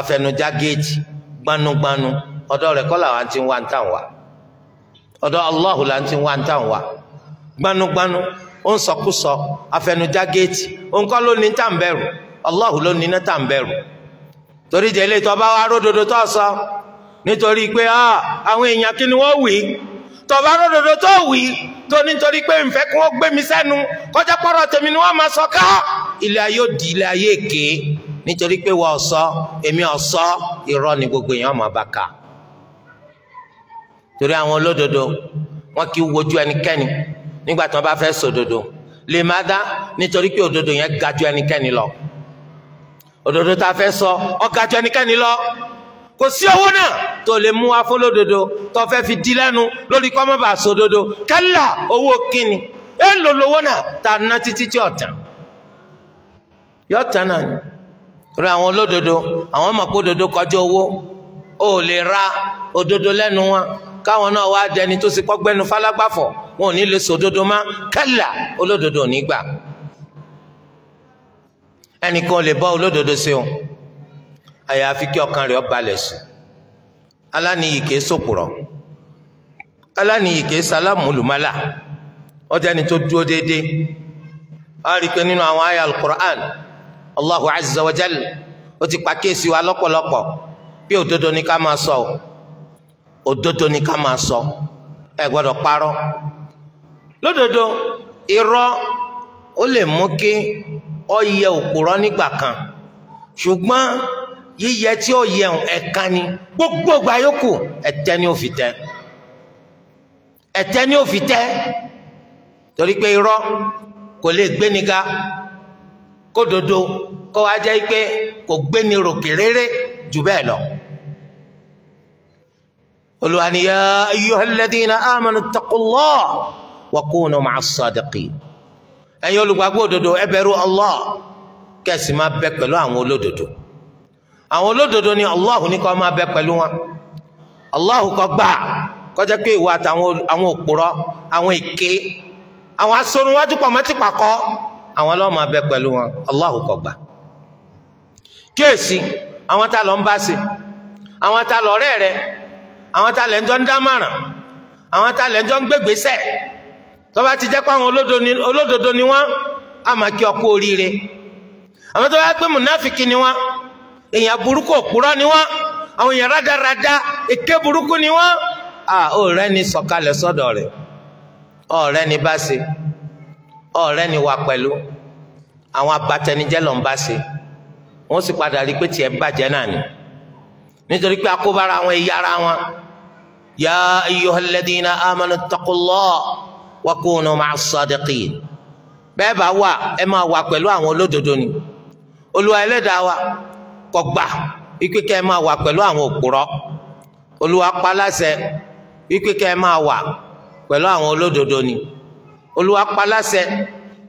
afẹnujá géèjì gbanugbanu ọdọ rẹ kọ́ làwọn ti ń wá ń tàn wá ọ̀dọ̀ Allahu la ti ń wá ń tàn wá gbanugbanu ó ń sọkúsọ afẹnujá géètì òǹkọ́ ló ní tà ń bẹ̀rù Allahu ló ní tà ń torí jẹ́lé tó bá wá ródòdó tó sọ nítorí pé àwọn èèyàn kí ni wọ́n wì í tó bá ródòdó tó wì í tó nítorí pé ń fẹ́ kí gbé mi sẹ́nu kọjá pọ́rọ̀ tèmi ni wọ́n máa sọ ká ilé ayé ò di ilé ayé èké nítorí pé wọ́n ọ̀sọ́ èmi ọ̀sọ́ irọ́ ni gbogbo èèyàn máa bá ka torí àwọn olódodo wọn kì í wojú ẹnikẹ́ni nígbà tí wọ́n bá fẹ́ sòdodo lè má dá nítorí pé òdodo yẹn ga ju ẹnikẹ́ni lọ òdodo tá a fẹ́ sọ ó ga ju ẹnikẹ́ni lọ kò sí owó náà tó lè mú afọlódodo tó fẹ́ fi di lẹ́nu lórí kọ́mọ́bà sòdodo kálá owó kíni ẹ ń lò lówó náà tá a ná títí tí ọ̀tàn yọ̀ọ̀tàn náà ni torí àwọn olódodo àwọn ọmọ dodo kọjá owó ó lè ra òdodo lẹ́nu wọn káwọn náà wá dẹni tó sì kọ́gbẹ́nu falágbàfọ̀ wọn ò ní lè sòdodo má kálà olódodo ò ní gbà ẹnìkan ò lè bá olódodo sí o àyàfi kí ọkàn rẹ̀ ó balẹ̀ sùn aláníyì kìí sòkùrọ̀ aláníyì kìí sàlámùlùmálà ọjà ni tó dúró déédéé a rí i pé nínú àwọn àyà al-Qur'an allahu azza wa jal ó ti pàkíyèsí wa lọ́pọ̀lọpọ̀ bí òdodo ni ká máa sọ òdodo ni ká máa sọ ẹ gbọ́dọ̀ parọ́ lódodo irọ́ ó lè mú kí ó yẹ òpùrọ́ nígbà kan ṣùgbọ́n yíyẹ tí ó yẹ ẹ̀ka ni gbogbo ìgbà yòókù ẹ̀tẹ́ ni ó fi tẹ́ ẹ̀tẹ́ ni ó fi tẹ́ torí pé irọ́ kò lè gbéniga kó dodo kó wá jẹ́ pé kò gbé ni ròkè réré jù bẹ́ẹ̀ lọ. Olúwa ni ya ayyuhal ladhina amanu ttaqullah wa kunu ma'as sadiqin. Ẹ̀yin olùgbàgbọ́ òdodo ẹ bẹ̀rù Allah kẹ́sì máa bẹ pẹ̀lú àwọn olódodo. Àwọn olódodo ni Allah ní kó máa bẹ pẹ̀lú wọn. Allah kó gbà kọjá pé ìwà àtàwọn òpùrọ̀ àwọn èké àwọn asọ̀rùnwájú pọ̀ mọ́tìpàkọ́ àwọn lọ́ọ́ máa bẹ pẹ̀lú wọn Allahu kò gbà kíyèsí àwọn tá lọ ń bá ṣe àwọn tá lọ rẹ́ rẹ àwọn tá lẹ́jọ́ ń dámọ̀ràn àwọn tá lẹ́jọ́ ń gbégbèsẹ̀ tó bá ti jẹ́ pé àwọn olódodo ni wọ́n á máa kí ọkú oríire àwọn tó bá pé mùnáfìkì ni wọ́n èèyàn burúkú òpùrọ́ ni wọ́n àwọn èèyàn rádaràda èké burúkú ni wọ́n à ó sọ̀kalẹ̀ sọ́dọ̀ rẹ̀ ọ̀rẹ́ ni bá ṣe. So ọ̀rẹ́ ni wà pẹ̀lú àwọn abatẹnijẹ́ ló ń bá ṣe wọ́n sì padà rí i pé tiẹ̀ bàjẹ́ náà ni nítorí pé akóbára wọn ẹ̀yà ara wọn ya ayyuhal ladina amanu taqullah wa kunu ma'as sadiqin bẹ́ẹ̀ bá wà ẹ máa wà pẹ̀lú àwọn olódodo ni olúwa ẹlẹ́dàá wa kò gbà wípé ẹ máa wà pẹ̀lú àwọn òpùrọ́ olúwa pa láṣẹ ẹ máa wà pẹ̀lú àwọn olódodo ni olúwa paláṣẹ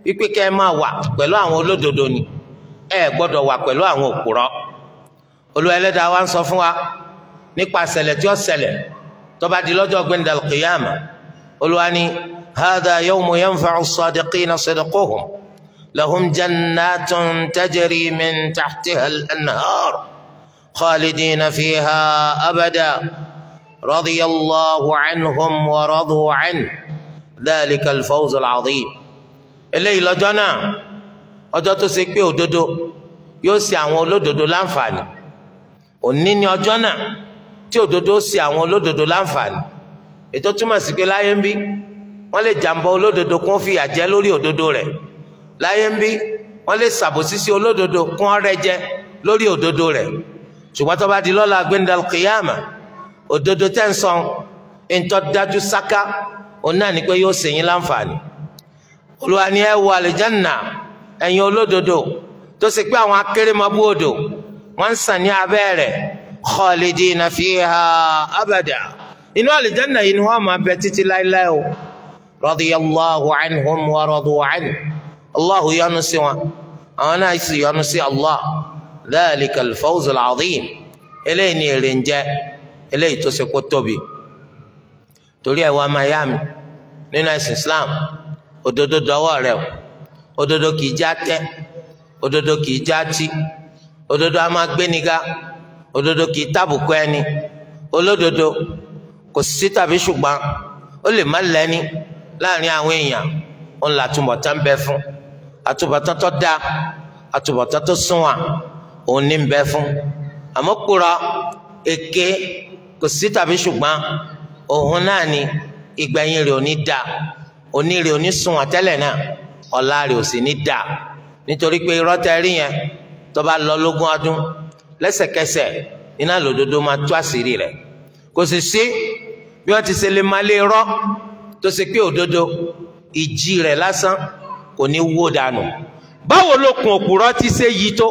wípé kẹ́ ẹ máa wà pẹ̀lú àwọn olódodo ni ẹ gbọ́dọ̀ wà pẹ̀lú àwọn òpùrọ́ olúwa ẹlẹ́dàá wa ń sọ fún wa nípa ṣẹlẹ̀ tí ó ṣẹlẹ̀ tó bá di lọ́jọ́ gbẹ̀ndàl qiyama olúwa ni hadha yawmu yanfa'u as-sadiqina sidquhum lahum jannatun tajri min tahtiha al-anhar khalidina fiha abada radiyallahu anhum wa radu anhu. ذلك الفوز العظيم. إلي azim eléyìí lọ́jọ́ náà ọjọ́ tó ṣe pé òdodo yóò ṣe àwọn olódodo láǹfààní òní ni ọjọ́ náà tí òdodo ṣe àwọn olódodo láǹfààní ètò túmọ̀ sí pé láyé ń bí wọ́n lè jàǹbá olódodo kún fìyà jẹ lórí òdodo rẹ̀ láyé ń bí wọ́n lè ṣàbòsí sí olódodo kún ọrẹ jẹ lórí òdodo di lọ́la gbẹ̀ndàl kìyàmà òdodo tẹ́ ń sọ ń tọ́ dájú òun náà ni pé yóò ṣe yín láǹfààní olúwa ni ẹ wọ àlùjánnà ẹ̀yin olódodo tó ṣe pé àwọn akérèmọbú odò wọ́n ń sàn ní abẹ́ rẹ̀ khalidina fiha abada inú àlùjánnà yìí ni wọ́n máa bẹ títí láéláé o radiyallahu anhum wa radu allahu yọ́nú sí wọn àwọn náà sì yọ́nú sí allah dhalika al-fawz al eléyìí ni èrè eléyìí tó ṣe kó tóbi. torí ẹ wá miami nínú ẹ̀sìn Islam òdodo dọ́wọ́ rẹ o òdodo kìí já tẹ òdodo kìí já tí òdodo a máa gbéniga òdodo kìí tàbùkù ẹni olódodo kò sí tàbí ṣùgbọ́n ó lè má lẹ́ni láàrin àwọn èèyàn ó ń la fún tó tó òun ní bẹ fún àmọ́ èké kò sí tàbí ṣùgbọ́n. òun náà ni ìgbẹ̀yìn rẹ̀ ò ní da òní rẹ̀ ò ní sun àtẹ́lẹ̀ náà ọ̀la rẹ̀ ò ní da nítorí pé irọ́ tẹ́ rí yẹn tó bá lọ lógún ọdún lẹ́sẹ̀kẹsẹ̀ iná lòdodo máa tú àṣírí rẹ̀ kò sì sí bí wọ́n ti ṣe lè máa lé irọ́ tó ṣe pé òdodo ìjì rẹ̀ lásán kò ní wó dànù báwo lókun òpùrọ́ ti ṣe yí tó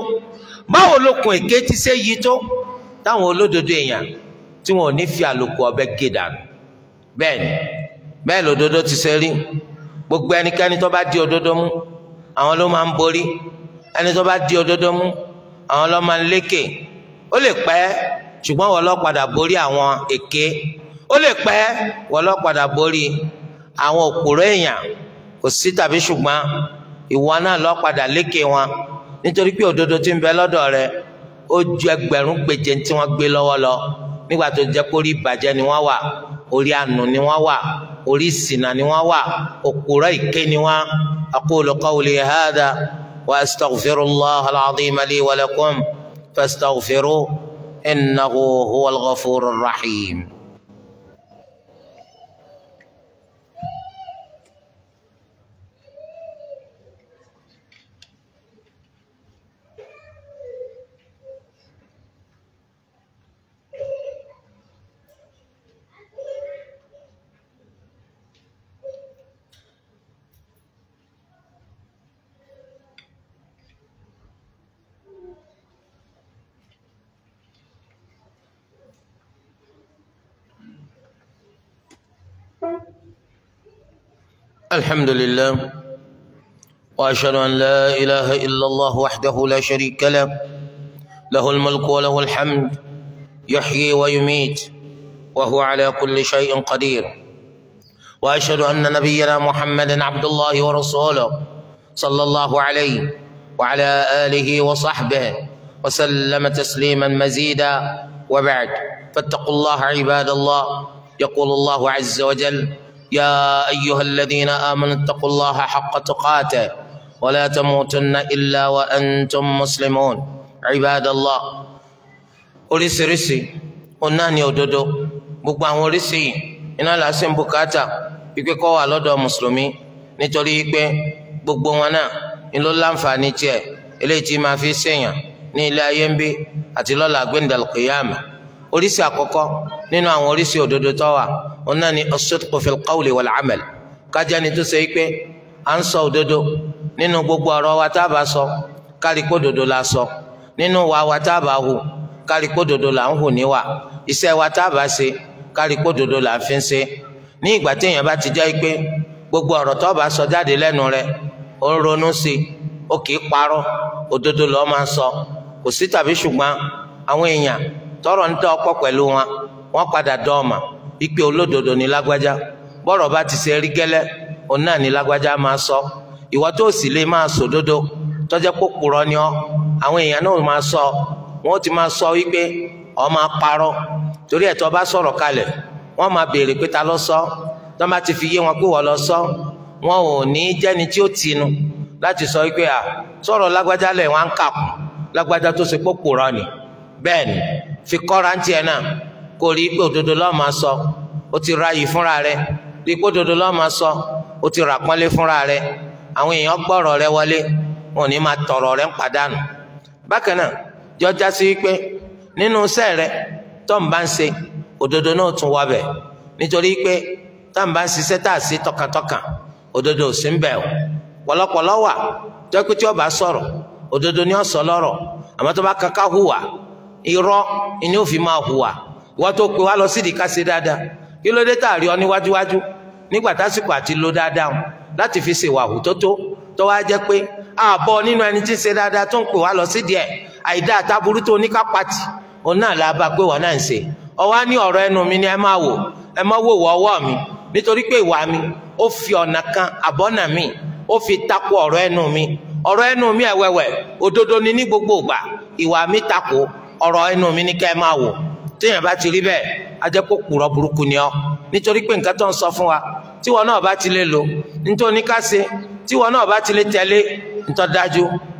báwo lókun èké ti ṣe yí tó táwọn olódodo èèyàn tí wọn ò ní fi àlòkù ọ̀bẹ gé dànù bẹ́ẹ̀ ni bẹ́ẹ̀ lòdodo ti ṣe rí gbogbo ẹnikẹ́ni tó bá di òdodo mú àwọn ló máa ń borí ẹni tó bá di òdodo mú àwọn ló máa ń lékè ó lè pẹ́ ṣùgbọ́n wọ́n lọ padà borí àwọn èké ó lè pẹ́ wọ́n lọ padà borí àwọn òpùrọ́ èèyàn kò sí tàbí ṣùgbọ́n ìwọ náà lọ padà lékè wọn nítorí pé òdodo ti ń bẹ lọ́dọ̀ rẹ ó ju ẹgbẹ̀rún gbèjè tí wọ́n gbé lọ́wọ́ lọ. Lo nígbà tó jẹ́ pé orí ìbàjẹ́ ni wọ́n wà orí àánú ni wọ́n wà orí ìṣìnà ni wọ́n wà òkúrọ̀ ìké ni wọ́n. aqulu qawli hadha wa astaghfirullah al-azim li wa lakum fastaghfiruhu innahu huwal ghafurur الحمد لله واشهد ان لا اله الا الله وحده لا شريك له له الملك وله الحمد يحيي ويميت وهو على كل شيء قدير واشهد ان نبينا محمدا عبد الله ورسوله صلى الله عليه وعلى اله وصحبه وسلم تسليما مزيدا وبعد فاتقوا الله عباد الله يقول الله عز وجل يا أيها الذين آمنوا اتقوا الله حق تقاته ولا تموتن إلا وأنتم مسلمون عباد الله oríṣiríṣi ọ̀nà ni òdodo gbogbo àwọn oríṣi yìí iná là á sì ń bùkátà pípé kọ́ wà lọ́dọ̀ mùsùlùmí nítorí pé gbogbo wọn náà ni ló láǹfààní tiẹ̀ eléyìí tí máa fi ṣèyàn ní ilé ayé ń bí àti lọ́la gbẹ̀ndàlùkìyàmù oríṣi àkọ́kọ́ nínú àwọn oríṣi òdodo tó wà ona ni as-sidqu fil qawli wal amal kájá ni tó ṣe é pé à ń sọ òdodo nínú gbogbo ọ̀rọ̀ wa tá a bá dodo la sọ nínú wa wa tá a bá dodo la ń hù níwà wa tá a bá ṣe kárí dodo la fi ń ṣe ní ìgbà téèyàn bá ti jẹ́ pé gbogbo ọ̀rọ̀ tó bá sọ jáde lẹ́nu rẹ̀ ó ń ronú sí i ó kì í parọ́ òdodo kò sí tàbí ṣùgbọ́n àwọn èèyàn tọrọ ń tẹ ọkọ pẹ̀lú wọn wọn padà dọọmà ìpè olódodo ní lágbájá bọ́rọ̀ bá ti ṣe rí gẹ́lẹ́ òun náà ní lágbájá máa sọ ìwọ tó sì lè máa sòdodo tọjẹ kó purọ́ ni ọ àwọn èèyàn náà máa sọ wọn ti máa sọ wípé ọ máa parọ torí bá wọn máa béèrè pé ta sọ ti fi yé wọn pé lọ sọ wọn ò ní ni bẹ́ẹ̀ fi kọ́ra ń tiẹ̀ náà kò rí pé òdodo lọ́ọ́ máa sọ ó ti ra yìí fúnra rẹ rí pé òdodo lọ́ọ́ máa sọ ó ti rà pọ́nlé fúnra rẹ àwọn èèyàn gbọ́rọ̀ rẹ wọlé wọn ò ní máa tọ̀rọ̀ rẹ ń padànù bákan náà jọjá sí pé nínú iṣẹ́ rẹ tó ń bá ń ṣe òdodo náà tún wá bẹ̀ nítorí pé tá à ń bá ń ṣiṣẹ́ tá à sí tọkàntọkàn òdodo ò sí ń bẹ̀ o pọ̀lọpọ̀lọ wà jọ́pẹ́ tí ó bá sọ̀rọ̀ òdodo ni ó sọ lọ́rọ̀ àmọ́ tó bá kankan hùwà irọ́ ni ó fi máa hùwà ìwọ́n tó pe wá lọ sídìí ká ṣe dáadáa kí ló dé tààrí ọ níwájúwájú nígbà tásìkò àti dáadáa láti fi ṣe ìwà òtótó tó wá jẹ́ pé àbọ̀ nínú ẹni tí ń ṣe dáadáa tó ń pè wá lọ sídìí ẹ̀ àìdá àtàbúrú tó ní ká pàtì òun náà ẹnu mi ni ẹ máa wò ẹ wò wọ ọwọ́ mi nítorí pé ìwà mi ó fi ọ̀nà mi ó fi takò ẹnu mi ọ̀rọ̀ ẹnu mi ẹ̀wẹ̀wẹ̀ òdodo ni gbogbo ìgbà ìwà mi takò ọ̀rọ̀ ẹnu mi ní kẹ́ ẹ máa wò téèyàn bá ti rí bẹ́ẹ̀ á jẹ́ kó kùrọ̀ burúkú ni ọ́ nítorí pé nǹkan tó ń sọ fún wa tíwọ náà bá ti lè lò nítorí ká tíwọ náà bá ti lè tẹ̀lé ntọ́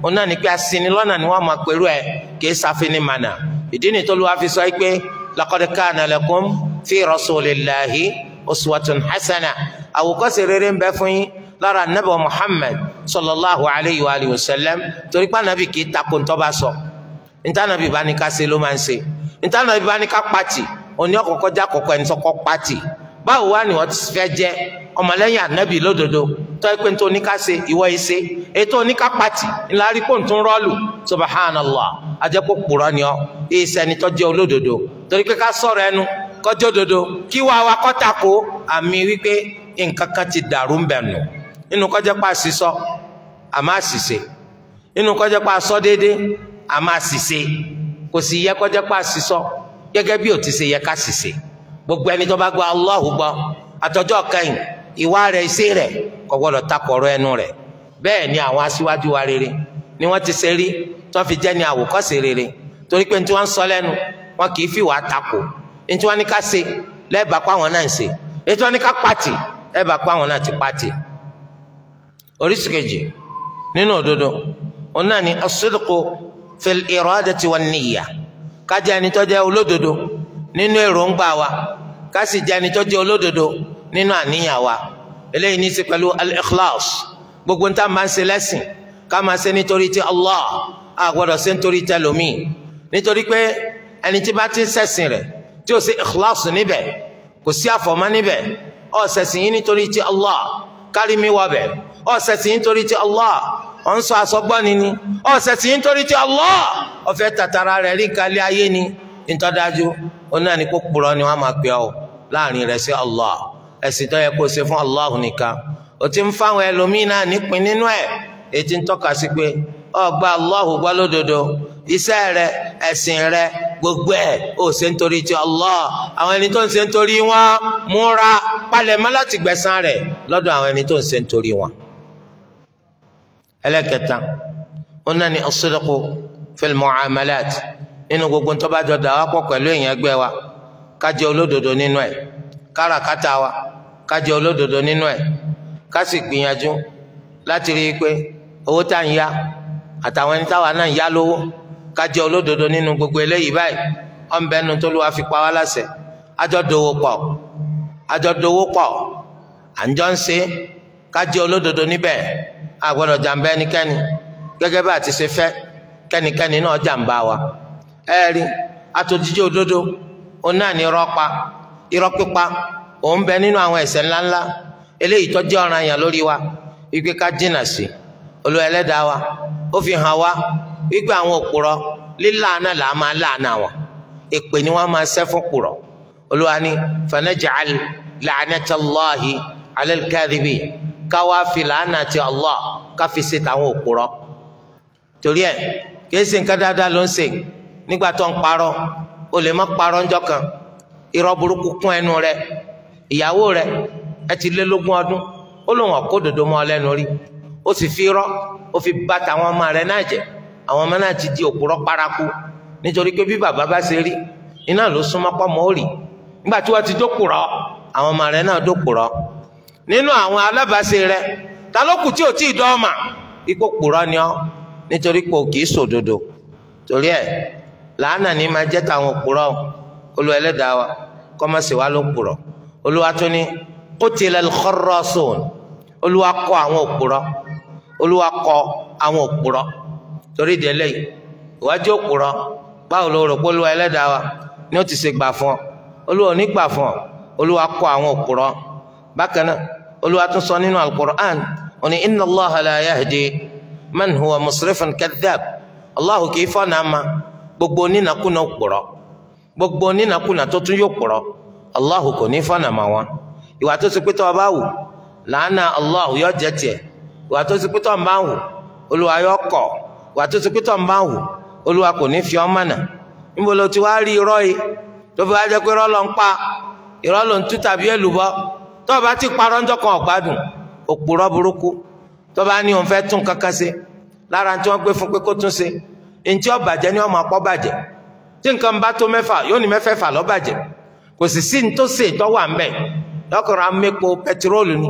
òun náà ní pé asinni lọ́nà ni wọ́n máa pẹ̀lú ẹ̀ kì í sáfin mànà ìdí ni tó ló wá fi sọ pé laqad kana lakum fi rasulillahi uswatun hasana àwòkọ́ṣe rere ń bẹ fún yín lára anabi muhammad sallallahu alayhi wa sallam torí pé anabi kì í takò bá sọ. So ntànàbí bá ní ká ṣe ló máa ń ṣe ntànàbí bá ní ká pàtì òní ọ̀kọ̀ọ̀kọ̀ já kọ̀ọ̀kọ̀ ẹni sọ́kọ́ pàtì báwo wá ni wọ́n ti fẹ́ jẹ́ ọmọlẹ́yìn ànábì lódodo tó ẹ pé ní tó ní ká ṣe ìwọ ìṣe ètò oníká pàtì ńlá rí kó n tún rọ́ọ̀lù subhanallah ajẹ́pọ̀ ni ọ́ ìṣẹ́ni tó jẹ́ olódodo torí pé ká sọ̀rọ̀ ẹnu kọjọ́ dodo kí wá wa kọ́ tako àmì wípé nǹkan kan ti dàrú ń bẹ̀nu nínú kọjá pa sísọ àmọ́ àṣìṣe nínú kọjá pa sọ déédéé a máa sise kò sì yẹ kọjá pa sísọ gẹ́gẹ́ bí ó ti ṣe yẹ gbogbo ẹni tó bá gba Allahu gbọ́ àtọjọ́ kẹyìn ìwà rẹ̀ iṣẹ́ rẹ̀ kò gbọ́dọ̀ takọ̀rọ̀ ẹnu rẹ̀ bẹ́ẹ̀ ni àwọn aṣíwájú wa rere ni wọ́n ti se rí tó fi jẹ́ ni rere torí pé ní wọ́n ń sọ lẹ́nu wọn kì í fi wàá takò ní nika ká lẹ́ẹ̀bà àwọn náà ń ká pàtì lẹ́ẹ̀bà ti pàtì. nínú òdodo òun náà ni fil irada wan niyya ká jẹ́ ẹni tó jẹ́ olódodo nínú èròǹgbà wa ká sì jẹ́ ẹni jẹ́ olódodo nínú àníyàn wa eléyìí ní í pẹ̀lú al-ikhlas gbogbo ń tá máa ń ṣe lẹ́sìn ká máa ṣe nítorí ti Allah a gbọ́dọ̀ ṣe nítorí tẹlòmíì nítorí pé ẹni tí bá ti ń ṣẹ̀sìn rẹ̀ tí ó ṣe ikhlas níbẹ̀ kò sí àfọ̀mọ́ níbẹ̀ ó ṣẹ̀sìn yìí nítorí ti Allah kárí mi wọ̀ bẹ̀ ó ṣẹ̀sìn yìí nítorí ti Allah ọ̀ ń sọ àsọgbọ́ni ni ọ̀sẹ̀ sì ń torí ti Allah ọ̀fẹ́ tàtàrà rẹ̀ rí kalẹ̀ ayé ni ntọ́dájú ó náà ní kó purọ́ ni wọ́n máa pè ọ́ láàrin rẹ̀ sí Allah ẹ̀sìn tó yẹ kó ṣe fún Allah nìkan ó ti ń fáwọn ẹlòmíín náà nípìn nínú ẹ̀ ètí ń tọ́ka sí pé ó gba Allah gbọ́ lódodo iṣẹ́ rẹ̀ ẹ̀sìn rẹ̀ gbogbo ẹ̀ ó ṣe ń torí ti Allah àwọn ẹni tó ń ṣe ń torí wọn múra palẹ̀mọ́ láti gbẹ̀san rẹ̀ lọ́dọ̀ àwọn ẹni tó ń ṣe ń torí wọn. ẹlẹ́kẹta wọn náà ní as-sidqu fil nínú gbogbo tó bá jọ dà pẹ̀lú èèyàn ẹgbẹ́ wa ká olódodo nínú ẹ̀ káràkátà wa ká olódodo nínú ẹ̀ ká sì gbìyànjú láti rí i pé owó tá à ń yá àtàwọn ẹni táwa náà ń yá lówó olódodo nínú gbogbo eléyìí báyìí ọ̀nbẹ́nu tó ló wá fi pa a gbọ́dọ̀ jàǹbá ẹnikẹ́ni gẹ́gẹ́ bá a ti ṣe fẹ́ kẹ́nikẹ́ni náà jàǹbá wa ẹ rí atòjíjẹ́ òdodo òun náà ní irọ́ pa irọ́ pípa òun bẹ nínú àwọn ẹ̀ṣẹ̀ ńláńlá eléyìí tó jẹ́ ọ̀ranyàn lórí wa wípé ká jìnnà sí olú ẹlẹ́dàá wa ó fi hàn wá wípé àwọn òpùrọ̀ lílàánà là á máa láàánà wọn èpè ni wọ́n máa ṣẹ́ fún òpùrọ̀ olúwa ni fanaj'al la'natallahi 'alal kadhibin. káwá fi làánà ti Allah káfi ṣe tàwọn òkúrọ torí ẹ kìí ṣe nǹkan dáadáa ló ń se nígbà tó ń o lè má parọ ńjọ́ kan irọ́ burúkú kún ẹnu rẹ ìyàwó rẹ ẹ ti lé lógún ọdún ó lóun ọ̀kó dòdò rí ó sì fi irọ́ ó fi bà tàwọn ọmọ rẹ náà àwọn ọmọ náà nínú àwọn alábàáṣe rẹ ta ló kù tí ò tí ì dọ́ọ̀mà ipò pòrọ́ ni ọ́ nítorí pé o kì í sòdodo torí ẹ̀ làánà ni máa jẹ́ tàwọn òpùrọ́ olú ẹlẹ́dàá wa kọ́mọ̀sí wa ló pòrọ́ olúwa tó ní qutila al-kharrasun olúwa kọ́ àwọn òpùrọ́ olúwa kọ́ àwọn òpùrọ́ torí délé ìwájú òpùrọ́ báwo ló rò pé olúwa ẹlẹ́dàá wa ni ó ti ṣe gbà fún ọ olúwa ò ní gbà fún ọ olúwa kọ́ àwọn òpùrọ́. bákan olúwa tún sọ nínú alukur'an inna allah la man huwa musrifun kadhab allahu kì í fọ́nà ama gbogbo onínàkúnà òpùrọ́ gbogbo onínàkúnà tó tún yóò kò ní ma wọn ìwà tó ti pé tó o wù làánà allahu yóò jẹ tiẹ̀ ìwà tó ti pé tó o wù olúwa yóò ìwà tó ti pé tó wù olúwa kò ní fi níbo ló tó bá ti parọ́ ńjọ́ kan ọ̀gbádùn òpùrọ́ burúkú tó bá ní òun fẹ́ tún kankan ṣe lára tí wọ́n gbé fún pé kó tún ṣe ntí ó bàjẹ́ ni ọmọ apọ́ bàjẹ́ tí nǹkan bá tó mẹ́fà yóò ní mẹ́fẹ̀ẹ̀fà ló bàjẹ́ kò sì sí nítòsí ìtọ́wà ńbẹ̀ lọ́kùnrin amépo pẹtiróòlù ni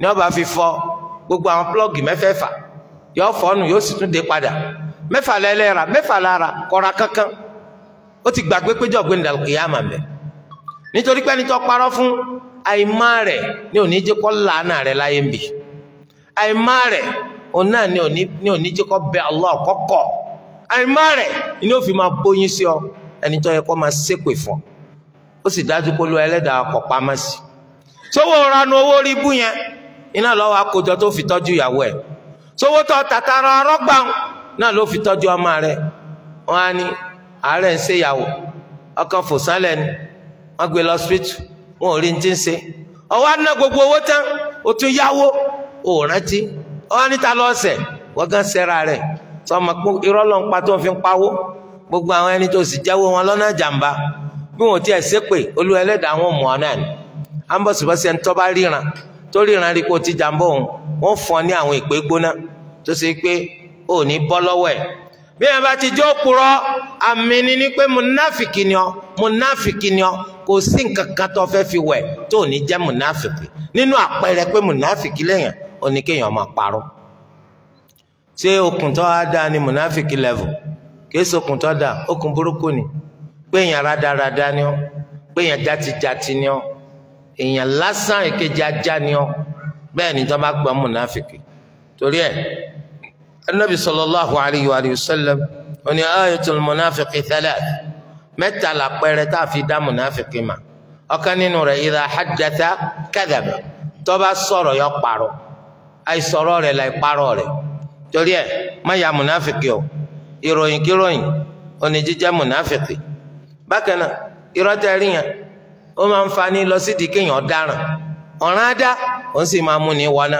ni ó fi fọ gbogbo àwọn plọ́ọ̀gì mẹ́fẹ̀ẹ̀fà yóò fọ́ọ̀nù yóò sì tún dé padà mẹ́fà lẹ́lẹ́ra mẹ́fà lára kọ́ra kankan ó ti gbàgbé péjọ gbé nídàlùkì yá màmẹ́ nítorí pé tó parọ́ fún àìmá rẹ̀ ni òní jẹ́ kó làánà rẹ̀ láyé ń bì àìmá rẹ̀ òun náà ni òní jẹ́ bẹ kọ́kọ́ àìmá rẹ̀ ni ó ma máa sí ọ ẹni tó yẹ ma máa ṣépè ọ ó sì dájú ẹlẹ́dàá kọ̀ pamọ́ sí ranu owó rí bú yẹn iná lọ́wọ́ akójọ tó fi tọ́jú ìyàwó ẹ̀ tàtàrà náà ló fi tọ́jú ọmọ á ní àárẹ̀ ń ṣèyàwó ọkàn fòsánlẹ̀ wọ́n gbé wọn ò rí ní ti ń ọwọ́ aná gbogbo owó tán o tún yáwó o rántí ọwọ́ níta lọ́sẹ̀ wọ́n gan sẹ́ra rẹ̀ sọmọ pé irọ́ ló pa tó ń fi pawó gbogbo àwọn ẹni tó sì jẹ́wọ́ wọn lọ́nà jàǹbá bí wọn ò tiẹ̀ ẹlẹ́dàá wọn mọ̀ ọ́nà ẹni bá ríran tó ríran rí ti jàǹbá òun wọ́n fọ́n ní kò sí nǹkan kan tó fẹ́ fi wẹ̀ tó ní jẹ́ mùnáfìkì nínú àpẹẹrẹ pé mùnáfìkì lèèyàn ó ní kéèyàn máa parọ́ ṣé okùn tó á dáa ni mùnáfìkì level kìí sokùn tó dáa okùn burúkú ni pé èèyàn rádaràda ni ọ́ pé èèyàn játijàti ni ọ́ èèyàn lásán èkejì ajá ni ọ́ bẹ́ẹ̀ ni tó bá gbọ́ mùnáfìkì torí ẹ̀ Ànábì sallallahu alayhi wa sallam ó ní ayatul munafiqi thalath. mẹta la pẹrẹ tá a fi dá munafiki ma ọ̀kan nínú rẹ̀ idha haddatha kadhaba tó tọba sọrọ yọ parọ́ àìsọ̀rọ̀ rẹ̀ la ìparọ́ rẹ̀ torí ẹ̀ má ya munafiki o ìròyìn kíròyìn òní jíjẹ́ munafiki bákan náà irọ́ tẹ rí yẹn ó máa ń fani lọ sí dìkì yẹn ọ̀daràn ọ̀ràn ada dá ó sì máa mú ni wọná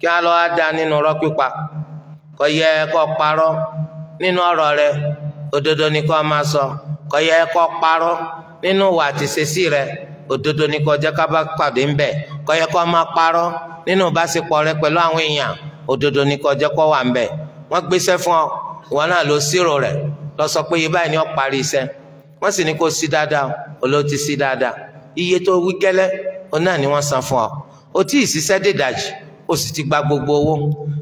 kí á lọ́ á dá nínú rọ́ pípa kò yẹ kó parọ́ nínú ọ̀rọ̀ rẹ̀ òdodo ni kó máa sọ. So kọyẹ kọ parọ́ nínú wà àti ṣèṣì rẹ òdodo ni kó jẹ́ ká bá pàdé ń bẹ kọyẹ kọ máa parọ́ nínú ìbáṣepọ̀ rẹ pẹ̀lú àwọn èèyàn òdodo ni kó jẹ́ kó wà ń bẹ wọ́n fún ọ ìwọ náà ló ṣírò rẹ̀ lọ sọ pé yìí báyìí ni ó parí iṣẹ́ wọ́n sì ní kó sí dáadáa olóò ti sí dáadáa iye tó wí gẹ́lẹ́ òun náà ni wọ́n san fún ọ o tí ì ṣiṣẹ́ dédàjì o sì ti gba gbogbo owó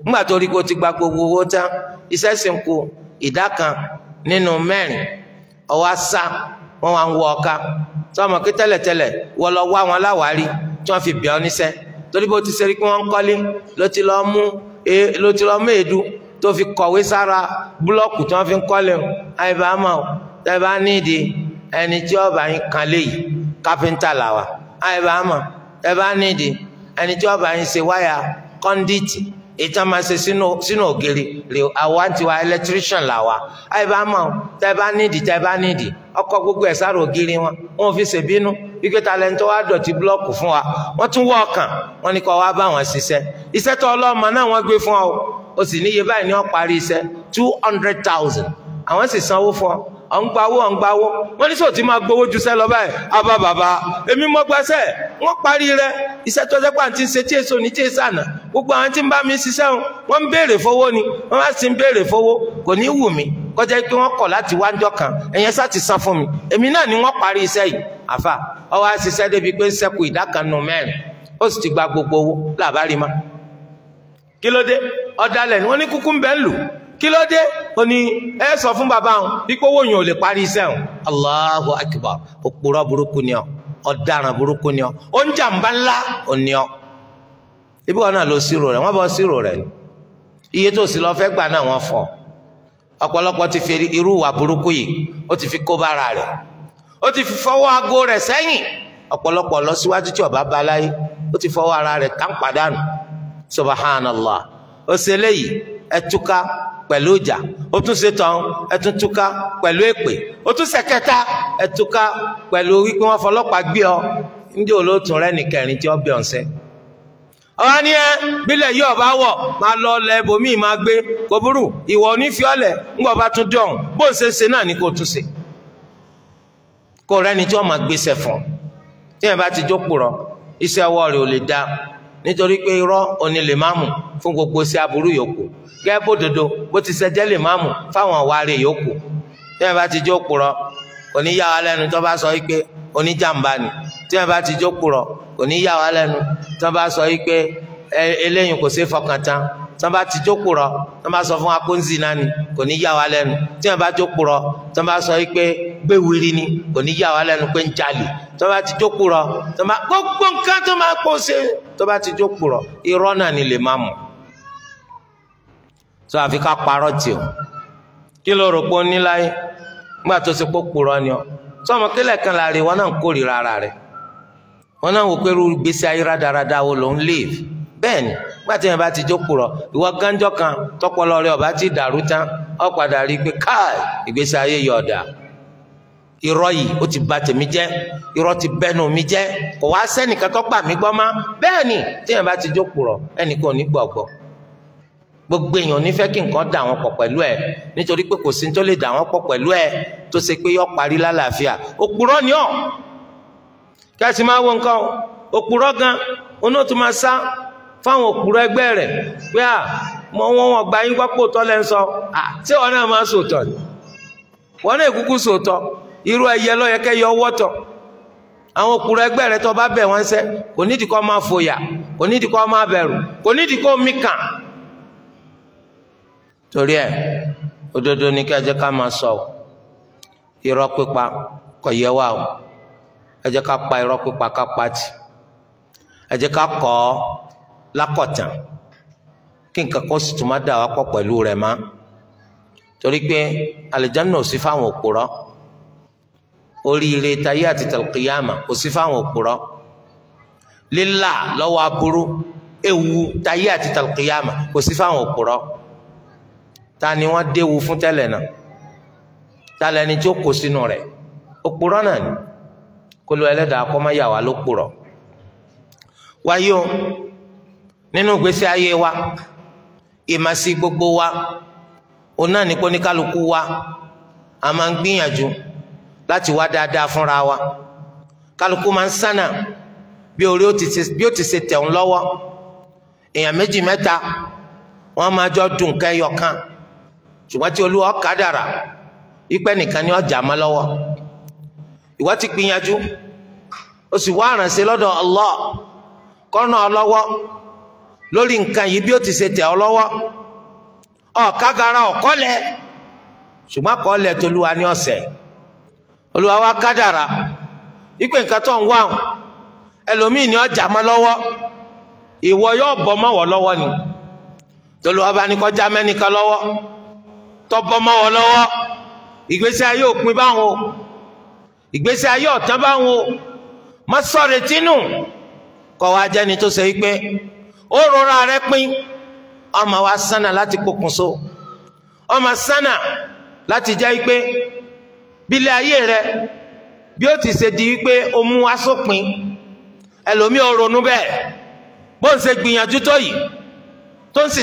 ńgbà tó rí kó ti gba gbogbo owó tán iṣẹ́ sì ń kù ìdá kan nínú mẹ́rin ọwọ́ asá wọn wá ń wọ ọ̀ka tí wọn mọ̀ pé tẹ́lẹ̀tẹ́lẹ̀ wọ́n lọ wá wọn láwárí tí wọ́n fi bẹ̀ ọ́ níṣẹ́ torí bó ti ṣe rí pé wọ́n ń kọ́lé ló ti lọ́ọ́ mú e, ló ti lọ́ọ́ mú èédú tó fi kọ̀wé sára búlọ́ọ̀kù tí wọ́n fi ń kọ́lé o àyèbá mọ̀ o tẹ́bá nídìí ẹni tí ọba yín kan léyìí káfíńtà làwà àyèbá mọ̀ tẹ́bá nídìí ẹni tí ọba yín ṣe wáyà kọ́ndíìtì ìtàn máa ṣe sínú ògiri rè àwa ń tiwa electrician wa ẹ bá mọ tẹ bá nídìí tẹ bá nídìí ọkọ gbogbo ẹ sára ògiri wọn wọn fi ṣèbínú wípé talẹńtọ wa dọ̀tí búlọọkù fún wa wọn tún wọ ọkàn wọn ni kọ wá bá wọn ṣiṣẹ́ iṣẹ́ tó ọlọmọ náà wọn gbé fún ọ o sì níye báyìí ni wọn parí iṣẹ́ two hundred thousand àwọn sì sanwó fún ọ ọ̀ǹgbawó ọ̀ǹgbawó wọ́n ní sọ̀tí máa gbowó ju sẹ́ lọ báyìí abá bàbá èmi mọ́ gbẹ́sẹ̀ wọ́n parí rẹ iṣẹ́ tó sẹ́pà ti ń ṣe tí èso ní tí èso àná gbogbo àwọn tí ń bá mi ṣiṣẹ́ wọn wọ́n ń béèrè fowó ni wọ́n bá sì ń béèrè fowó kò ní wù mí kọjá pé wọ́n kọ̀ láti wá ńjọ́ kan ẹ̀yẹn sá ti san fún mi èmi náà ni wọ́n parí iṣẹ́ yìí àfà ọwọ́ àṣìṣẹ́ débi pé ń ṣẹ́kù ìdá mẹ́rin ó sì ti gba gbogbo owó làbárí ma kí ló dé ọ̀dàlẹ̀ wọ́n ní kúkú ń bẹ́ẹ̀ lù kí ló dé ó ní ẹ sọ fún bàbá òun wípé owó yẹn ò lè parí iṣẹ́ òun Allahu akbar òpùrọ̀ burúkú ni ọ niọ, burúkú ni ọ oúnjàmbá ńlá ò ní ọ ibi wọn náà lọ sírò rẹ wọn bọ sírò rẹ iye tó sì lọ fẹ gbà náà wọn fọ ọpọlọpọ ti fi irú burúkú yìí ó ti fi kó bára ó ti fi fọwọ́ aago sẹ́yìn lọ síwájú ọba bá láyé ó ti fọwọ́ ara ẹtúká pẹ̀lú ìjà ó tún ṣe tán ẹtún pẹ̀lú èpè ó tún ṣe kẹta ẹtúká pẹ̀lú wípé wọ́n fọlọ́pàá ọ ndí olóòtún rẹ nìkẹrin tí ó bẹ ọ̀nsẹ́. ọ̀rá ni ẹ bílẹ̀ bá wọ̀ máa lọ ọlẹ ibòmíì máa gbé kò burú ìwọ onífiọ́lẹ̀ ni kò tún ṣe. kò ti iṣẹ́ ọwọ́ ò lè nítorí pé irọ́ fún gbogbo iṣẹ́ gẹ́gẹ́ bó dodo bó ti ṣe jẹ́ límáàmù fáwọn àwárí yòókù tí wọ́n bá ti jó kúrọ̀ kò ní yà wá lẹ́nu tó bá sọ wípé oníjàmbá ni tí wọ́n bá ti jó kúrọ̀ kò ní yà wá lẹ́nu tó bá sọ wípé eléyìí kò ṣe fọkàn tán tó bá ti jó kúrọ̀ tó bá sọ fún wa kó ni kò ní yà wá lẹ́nu tí wọ́n bá jó tó bá sọ wípé gbéwìrì ni kò ní yà wá lẹ́nu pé ń jalè tó bá ti jó tó bá gbogbo nǹkan tó máa kó ṣe tó bá ti jó irọ́ náà ni lè máa mọ̀ tó àfi ká parọ́ tì o kí ló rò pé ó ní láyé nígbà tó ṣe pé kúrọ́ ni ọ tó ọmọ kílẹ̀ kan láàrin wọn náà ń kórìíra ara rẹ wọn náà wò pé irú gbèsè ayé rádaràda wo ló ń léèfì bẹ́ẹ̀ ni nígbà tí yẹn bá ti jókòó rọ ìwọ gánjọ́ kan tọpọlọ rẹ ọba ti dàrú tán ọ padà rí i pé káì ìgbésí ayé yọ ọ̀dà irọ́ yìí ó ti bà tèmi jẹ́ irọ́ ti bẹ́nu mi jẹ́ kò wá sẹ́nìkan tó gbà gbọ́ má bẹ́ẹ̀ ni tí yẹn bá ti jókòó rọ ẹnìkan ò ní gbọ̀gbọ̀ gbogbo èèyàn nífẹ̀ẹ́ kí nǹkan dà wọ́n pọ̀ pẹ̀lú ẹ̀ nítorí pé kò sí tó lè dà wọ́n pọ̀ pẹ̀lú ẹ̀ tó ṣe pé yọ parí lálàáfíà òpùrọ́ ni ọ́ kẹ́sì máa wo nǹkan òpùrọ́ gan oní òtún máa sá fáwọn òpùrọ́ ẹgbẹ́ rẹ̀ pé à mọ wọn wọn gba yín gbọ́pọ̀ tọ́ lẹ́ ń sọ tí wọn náà máa sòtọ̀ ni wọn náà kúkú sòtọ̀ irú ẹyẹ lọ́yẹ kẹ́ yọ wọ́tọ̀ àwọn òkúrò ẹgbẹ́ rẹ tó bá bẹ̀ wọ́n sẹ́ kò nídìí kó máa fòyà kò nídìí kó máa bẹ̀rù kò nídìí kó mí torí ẹ òdodo ni kí ẹ jẹ ká máa sọ ọ irọ́ pípa kò yẹ wá o ẹ jẹ ká pa irọ́ pípa ká pa tì ẹ jẹ ká kọ ọ lákọ̀tàn kí nǹkan kan sì tún má dà wá pọ̀ pẹ̀lú rẹ̀ má torí pé àlìjáná ò fáwọn òpùrọ́ oríire tayé àti tàlùkìyàmà kò fáwọn òpùrọ́ lílà lọ́wọ́ aburú ewu tayé àti tàlùkìyàmà kò fáwọn òpùrọ́ ta ni wọ́n déwu fún tẹ́lẹ̀ náà ta lẹni tí ó kó sínú rẹ̀ òpùrọ́ náà ni kó ló ẹlẹ́dàá kọ́ má yà wá ló pùrọ́ wáyé o nínú ìgbésí ayé wa ìmàsí gbogbo wa òun náà ní kó ní kálukú wa a máa ń gbìyànjú láti wá dáadáa fúnra wa kálukú máa ń sánà bí orí bí ó ti ṣe tẹ̀ ń lọ́wọ́ èèyàn méjì mẹ́ta wọ́n máa jọ dùn kẹ́yọ̀ kan. ṣùgbọ́n tí olúwa kádàrá ìpẹ́ nìkan ni ọjà má lọ́wọ́ ìwọ ti gbìyànjú o sì wá àrànṣe lọ́dọ̀ Allah kọ́nà ọlọ́wọ́ lórí nǹkan yìí bí o ti ṣe tẹ̀ ọ lọ́wọ́ ọ̀kágara ṣùgbọ́n ní wa nǹkan tó ń wá ẹlòmíì ni ọjà má lọ́wọ́ ìwọ yóò bọ́ mọ́wọ́ lọ́wọ́ ni bá ní tọbọmọ wọn lọ́wọ́ ìgbésí ayé òpin báwọn ìgbésí ayé ọ̀tán báwọn o tínú jẹ́ni tó wípé ó rọra rẹ pín ọmọ wa sánà láti pokùnso ọmọ sánà láti jẹ́ wípé ayé rẹ bí ó ti ṣe di wípé mú wá sópin ẹlòmí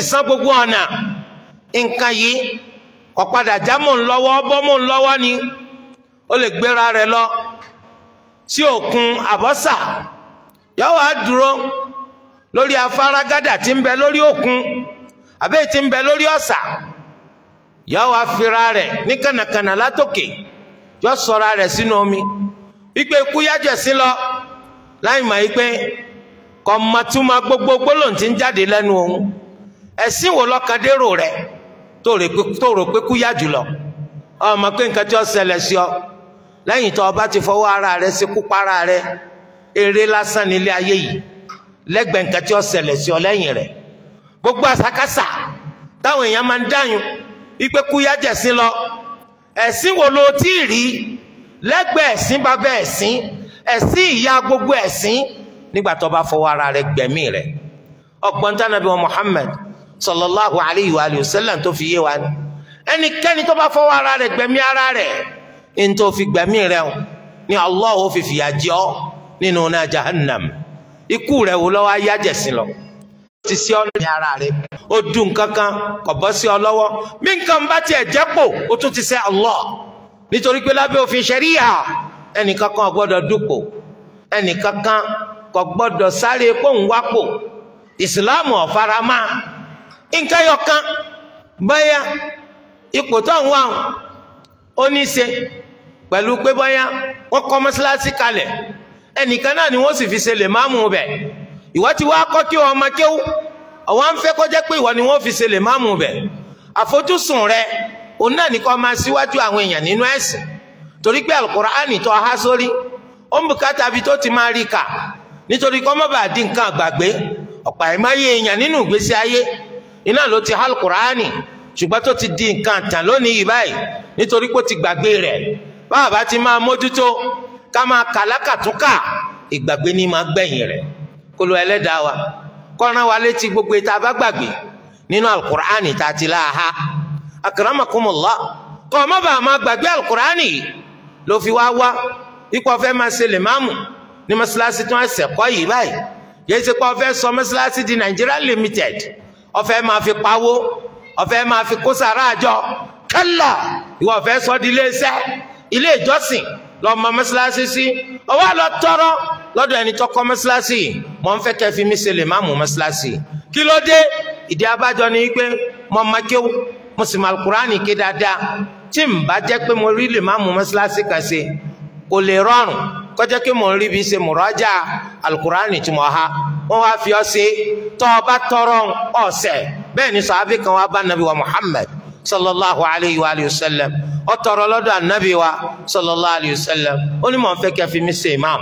san gbogbo ọ̀nà nǹkan yìí kò padà jámọ ńlọ́wọ́ ni ó lè gbéra rẹ lọ sí òkun àbọ́sà yóò wa dúró lórí afárá gádà tí ń bẹ lórí òkun àbẹ́ tí ń bẹ lórí ọ̀sà yóò fira rẹ̀ ní kànàkànà látòkè yóò sọra rẹ sínú omi wípé ikú yájẹ̀ sí lọ láì mọ̀ wípé gbogbo gbólóhùn ń wò rẹ̀ tó rò pé kú jùlọ ọmọ pé nǹkan tí ó ṣẹlẹ̀ sí ọ lẹ́yìn tó o ti fọwọ́ ara rẹ sí rẹ eré lásán nílé ayé yìí nǹkan tí ó gbogbo táwọn èèyàn máa ń dáyùn lọ ẹ̀sìn wo ló tí ì rí lẹ́gbẹ̀ẹ́ ẹ̀sìn gbogbo ẹ̀sìn nígbà tó fọwọ́ rẹ gbẹ̀mí Muhammad sallallahu alayhi wa sallam tó fi yé wa ni ẹnikẹ́ni tó bá fọwọ́ ara rẹ̀ gbẹ̀mí ara rẹ̀ ní tó fi gbẹ̀mí rẹ̀ o ni Allah ó fi fìyà jẹ ọ́ nínú náà jahannam ikú rẹ̀ wò lọ́wọ́ ayájẹ̀sìn lọ ti sí ọlọ́ọ̀ni ara rẹ̀ ó dùn kankan kò bọ́ sí ọ lọ́wọ́ bí nǹkan bá tiẹ̀ jẹ́pò ó tún ti sẹ́ Allah nítorí pé lábẹ́ òfin ṣẹ̀ríyà ẹnìkankan gbọ́dọ̀ dúpò ẹnìkankan kò gbọ́dọ̀ sáré pòǹwápò ìsìláàmù ọ̀farama nǹkan yọkan ipò tó ń wà ó ní í pẹ̀lú pé wọ́n kọ́ kalẹ̀ ẹnìkan náà ni wọ́n sì fi ṣe lè máàmù bẹ̀ ìwọ ti wá kọ́ kí ọmọ kéwú ọ̀wọ́n ń fẹ́ kó jẹ́ pé ìwọ ni wọ́n fi máàmù bẹ̀ rẹ òun náà máa síwájú àwọn èèyàn nínú ẹ̀sìn torí pé sórí ó ń bùkátà bí tó ti máa rí kà nítorí iná ló ti hal kùránì ṣùgbọ́n tó ti di nǹkan tàn lónìí yìí báyìí nítorí pé ó ti gbàgbé rẹ̀ báwa ti máa mójútó ká máa kà lákàtúnkà ìgbàgbé ní máa gbẹ̀yìn rẹ̀ kó lo ẹlẹ́dàá wa kó rán wa létí gbogbo ìta bá gbàgbé nínú alukur'ani tá a ti láha akramakumullah kó o má bàa máa gbàgbé alukur'ani yìí ló fi wá wá ikú ọ̀fẹ́ máa ṣe lè máàmù ní mọ́ṣáláṣí tó ń ṣẹ̀kọ́ yìí báyìí yẹ́n ṣe pé ọ̀fẹ́ sọ mọ́ṣáláṣí di Nigeria limited ọfẹ máa fi pawó ọfẹ máa fi kó sàrà àjọ kẹlà ìwọ ọfẹ sọ di ilé iṣẹ́ ilé ìjọsìn lọmọ mọ́sálásí sí ọwọ́ àlọ́ tọrọ lọ́dọ̀ ẹni tó kọ́ mọ́sálásí mọ́ ń fẹ́ kẹ́ fi mí ṣe lè má mú mọ́sálásí kí ló dé ìdí abájọ ni pé mo máa kéwú mo sì máa kúránì ké dáadáa tí n bá jẹ́ pé mo rí lè má mú mọ́sálásí kà ṣe kò lè rọrùn kọjá kí mò ń rí bí ṣe mùrọ́jà alukurani tí mo ha wọ́n wá fi ọ́ sí tọ́ọ̀bá tọrọ ọ̀sẹ̀ bẹ́ẹ̀ ni sàábì kan wá bá nàbí wa Muhammad sallallahu alayhi wa sallam ó tọrọ lọ́dọ̀ ànábì wa sallallahu alayhi wa sallam ó ní mò ń fẹ́ kẹ́ fi mí ṣe imam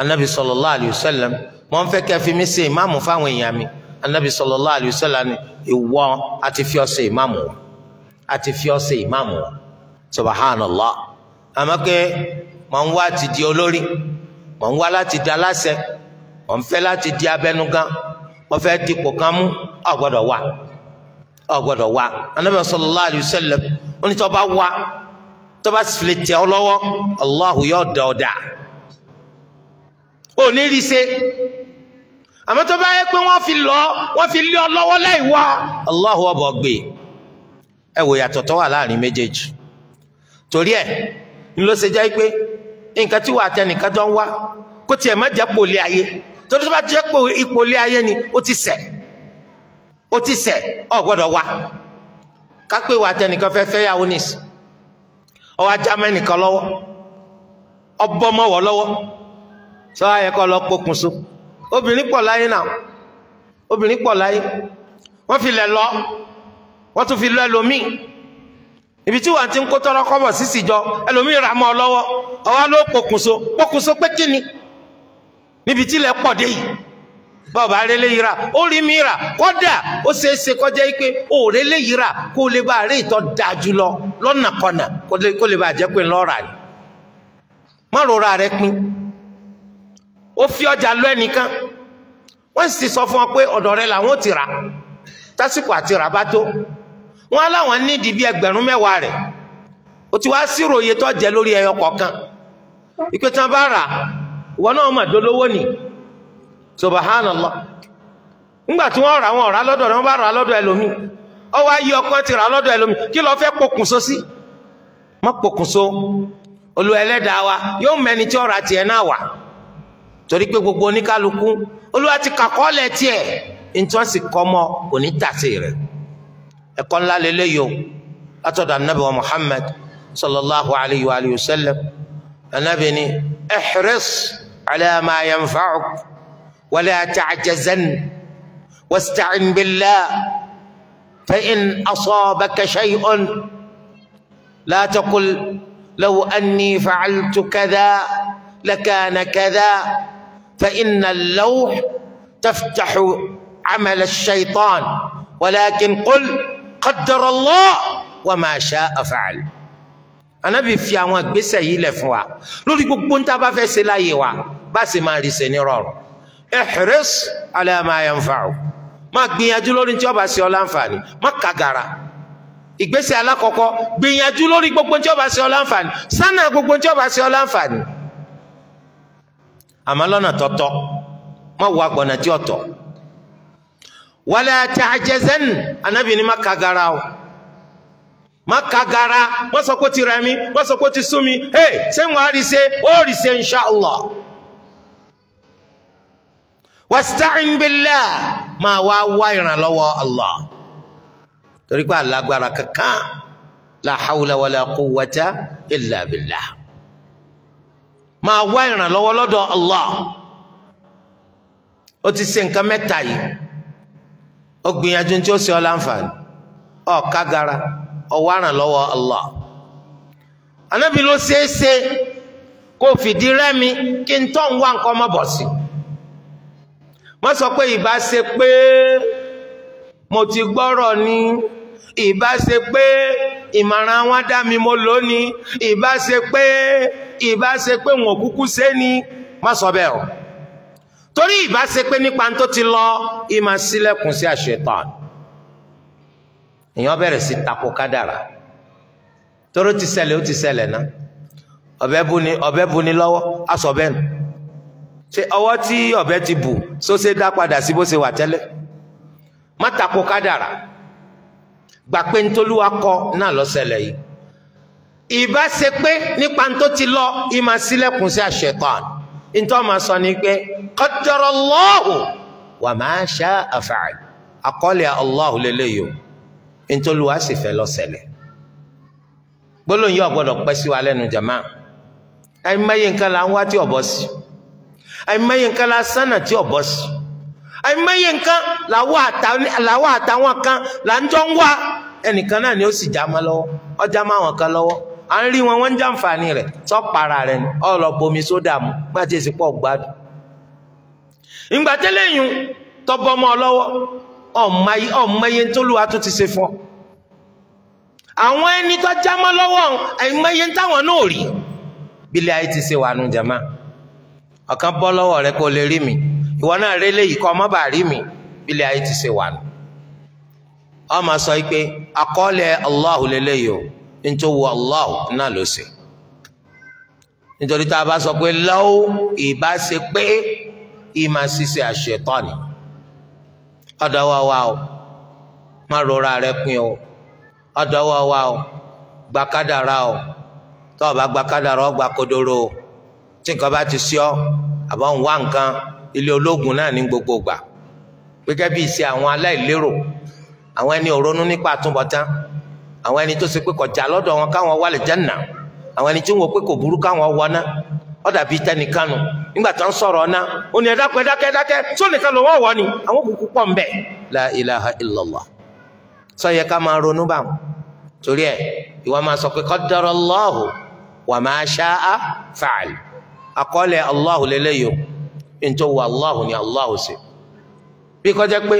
anabi sallallahu alayhi wa sallam mò ń fẹ́ kẹ́ fi mí ṣe imam fáwọn èèyàn mi anabi sallallahu alayhi wa sallam ìwọ àti fi ọ́ ṣe imam wọn àti fi ọ́ ṣe imam wọn subhanallah. àmọ́ pé mọ̀ ń wá ti di olórí mọ̀ ń wá láti di aláṣẹ mọ̀ ń fẹ́ láti di abẹnugan mọ̀ fẹ́ dipò kan mú ò gbọ́dọ̀ wa sallam ó ní tó lọ́wọ́ Allahu yóò dá ọ ò ní rí ṣe àmọ́ wọ́n fi lọ wọ́n fi lé ọ lọ́wọ́ Allahu ọbọ̀ gbé ẹ wò yàtọ̀ láàrin méjèèjì torí ẹ̀. ló ṣe jẹ́ pé nǹkan tí wàá tẹnìkan tó ń wá kó tiẹ̀ má jẹ́ pòlé ayé torí tó bá jẹ́ pòlé ayé ni ó ti ṣẹ̀ ó ti ṣẹ̀ ọ̀ gbọ́dọ̀ wá kápẹ́ wàá tẹnìkan fẹ́ fẹ́ yàwó nìsí ọwọ́ ajá mẹ́nìkan lọ́wọ́ ọbọ̀ mọ́wọ́ lọ́wọ́ sọ ayẹ kọ́ lọ pokùn so obìnrin pọ̀ láyé náà obìnrin pọ̀ láyé wọ́n fi lọ wọ́n tún fi lọ ẹlòmíì. ibi tí wà ti ń kó tọrọ kọ́bọ̀ sísì jọ ẹlòmíì ra mọ́ ọ lọ́wọ́ ọwá ló pokùnso pokùnso pé kí ni níbi tí ilẹ̀ pọ̀ dé yìí bọ́ọ̀bà o rà ó rí mi rà kọ́dà ó ṣeéṣe kọjá yìí pé ó reléyìí kó lè bá rí ìtọ́ da jù lọ lọ́nà kọ̀nà kó lè bá jẹ́ pé lọ́ọ̀rà má rẹ pin ó fi ọjà lọ ẹnìkan wọ́n sì sọ fún ọ pé ọ̀dọ̀ rẹ làwọn ò ti rà tásìkò àti rà wọ́n aláwọn nídìí bí ẹgbẹ̀rún mẹ́wàá rẹ̀ o ti wá sírò iye tó jẹ lórí ẹyọ kọ̀ọ̀kan ìpè tán bá rà ìwọ náà mà dolówó ni subhanallah ńgbà tí wọ́n rà wọ́n rà lọ́dọ̀ bá rà lọ́dọ̀ ẹlòmíì ti rà ẹlòmíì kí sí olú wa yóò tí náà wà torí gbogbo oníkálukú olúwa ti kàkọ́ tiẹ̀ ntọ́sí kọ́mọ kò ní ẹ̀kọ́ ńlá lélẹ́yìí o látọ̀dọ̀ anabi wa muhammad sallallahu alayhi wa alihi wa sallam anabi ni ihris ala ma yanfa'uk wala ta'jazan wasta'in billah fa in asabaka shay'un la taqul law anni fa'altu kadha لكان كذا فإن اللوح تفتح عمل الشيطان ولكن قل qaddara Allah wa ma sha'a fa'al anabi fi àwọn ìgbésẹ̀ yìí lẹ̀ fún wa lórí gbogbo níta bá fẹ́ ṣe láàyè wa bá sì máa rí ṣe ní rọrùn ihris ala ma yanfa'u máa gbìyànjú lórí tí ó bá ṣe ọ láǹfààní má kàgàrà ìgbésẹ̀ alákọ̀ọ́kọ́ gbìyànjú lórí gbogbo tí ó bá ṣe ọ láǹfààní sánà gbogbo tí ó bá ṣe ọ láǹfààní àmọ́ lọ́nà tọ́tọ́ má wọ agbọ̀nà tí ọ̀tọ̀ wala ta'jazan anabi ni má kagara o má kagara wọ́n sọ kó ti rẹ̀ mí wọ́n sọ kó ti sú mi hey ṣé wọ́n á rí ṣe ó rí ṣe insha Allah wasta'in billah máa wá wá ìrànlọ́wọ́ Allah torí pé alágbára kankan la hawla wala quwwata illa wá ìrànlọ́wọ́ lọ́dọ̀ Allah ó ti ṣe nǹkan mẹ́ta yìí ó gbìyànjú tí ó ṣe ọ láǹfààní ọ kágara ọ wárán lọ́wọ́ Allah ló ṣeé kó fìdí rẹmi kí n tó ń wá nǹkan ọmọ bọ̀ sí wọ́n sọ pé ìbá ṣe pé mo ti gbọ́rọ̀ ni ìbá ṣe pé ìmọ̀ràn wọn dá mi mo lónìí ìbá ṣe pé ìbá ṣe pé wọn ò kúkú ni má sọ bẹ́ẹ̀ torí ìbá ṣe pé nípa tó ti lọ ìmọ̀ sílẹ̀kùn sí àṣetán èèyàn bẹ̀rẹ̀ sí tako kádàrà tóró ti ṣẹlẹ̀ ó ti ṣẹlẹ̀ ná ọ̀bẹ bu ni ọ̀bẹ bu ni lọ́wọ́ aṣọ bẹ́ẹ̀ nù ṣe ọwọ́ tí ọ̀bẹ ti bù sóṣe dá padà sí bó ṣe wà tẹ́lẹ̀ má tako kádàrà gbà pé ntolúwa kọ náà ló ṣẹlẹ̀ yìí ìbá ṣe pé nípa tó ti lọ ìmọ̀ sílẹ̀kùn sí àṣetán. ntọ́ ma sọ ni pé qaddara wa ma sha'a fa'al àkọọ́lẹ̀ Allahu o ntọ́luwa sì fẹ́ lọ gbólóyìn ọ̀gbọ́dọ̀ pẹ́ sí wa lẹ́nu jama àìmọye nǹkan la ń wá tí ọ̀bọ sí àìmọye nǹkan la sánà tí sí àìmọye nǹkan àtàwọn kan là ń jọ ń wá ẹnìkan náà ni ó a ń rí wọn wọ́n ń jàǹfààní rẹ̀ para rẹ̀ ni ọ̀lọ́pọ̀ omi sódà mu gbàtí èsì pọ̀ gbádùn. ìgbà tọ́bọ ọmọ ọlọ́wọ́ ọ̀mọye tó lù ti ṣe fún ọ. àwọn ẹni tó já mọ́ lọ́wọ́ ẹ̀mọye táwọn náà rí bílẹ̀ ayé ti ṣe wà nù jàmá ọ̀kan bọ́ lọ́wọ́ rẹ kó lè rí mi ìwọ náà rélé yìí kọ́ ọmọ bà rí mi bílẹ̀ ayé ti ṣe wà nù. ọmọ sọ pé àkọọ́lẹ̀ nítorí wo Allah náà ló ṣe nítorí tá a bá sọ pé lọ́wọ́ ìbá ṣe pé ìmà ṣiṣẹ́ àṣetọ́ni ọ̀dọ̀ wa wa o má rora rẹ pin o ọ̀dọ̀ wa wa o gba kádàrá o tó o bá gba kádàrá o gba kodoro o tí nǹkan bá ti ṣe ọ àbọ̀ ń wá nǹkan ilé ológun náà ní gbogbo gbà gẹ́gẹ́ bí ìṣe àwọn aláìlérò àwọn ẹni òrónú nípa àtúbọ̀tán. àwọn ẹni tó ṣe pé kọjá lọ́dọ̀ wọn káwọn wà lè jẹnà àwọn ẹni tí wọn pé kò burú káwọn wọ ná ọdà bíi tẹnìkanu nígbà tó ń sọ̀rọ̀ ọ̀nà ó ní ẹ̀dákẹ́ ẹ̀dákẹ́ tó nìkan ló ni àwọn òkùnkùn pọ̀ la ilaha illallah ká máa ronú torí wa ma sha'a o nítorí ni bí kọjá pé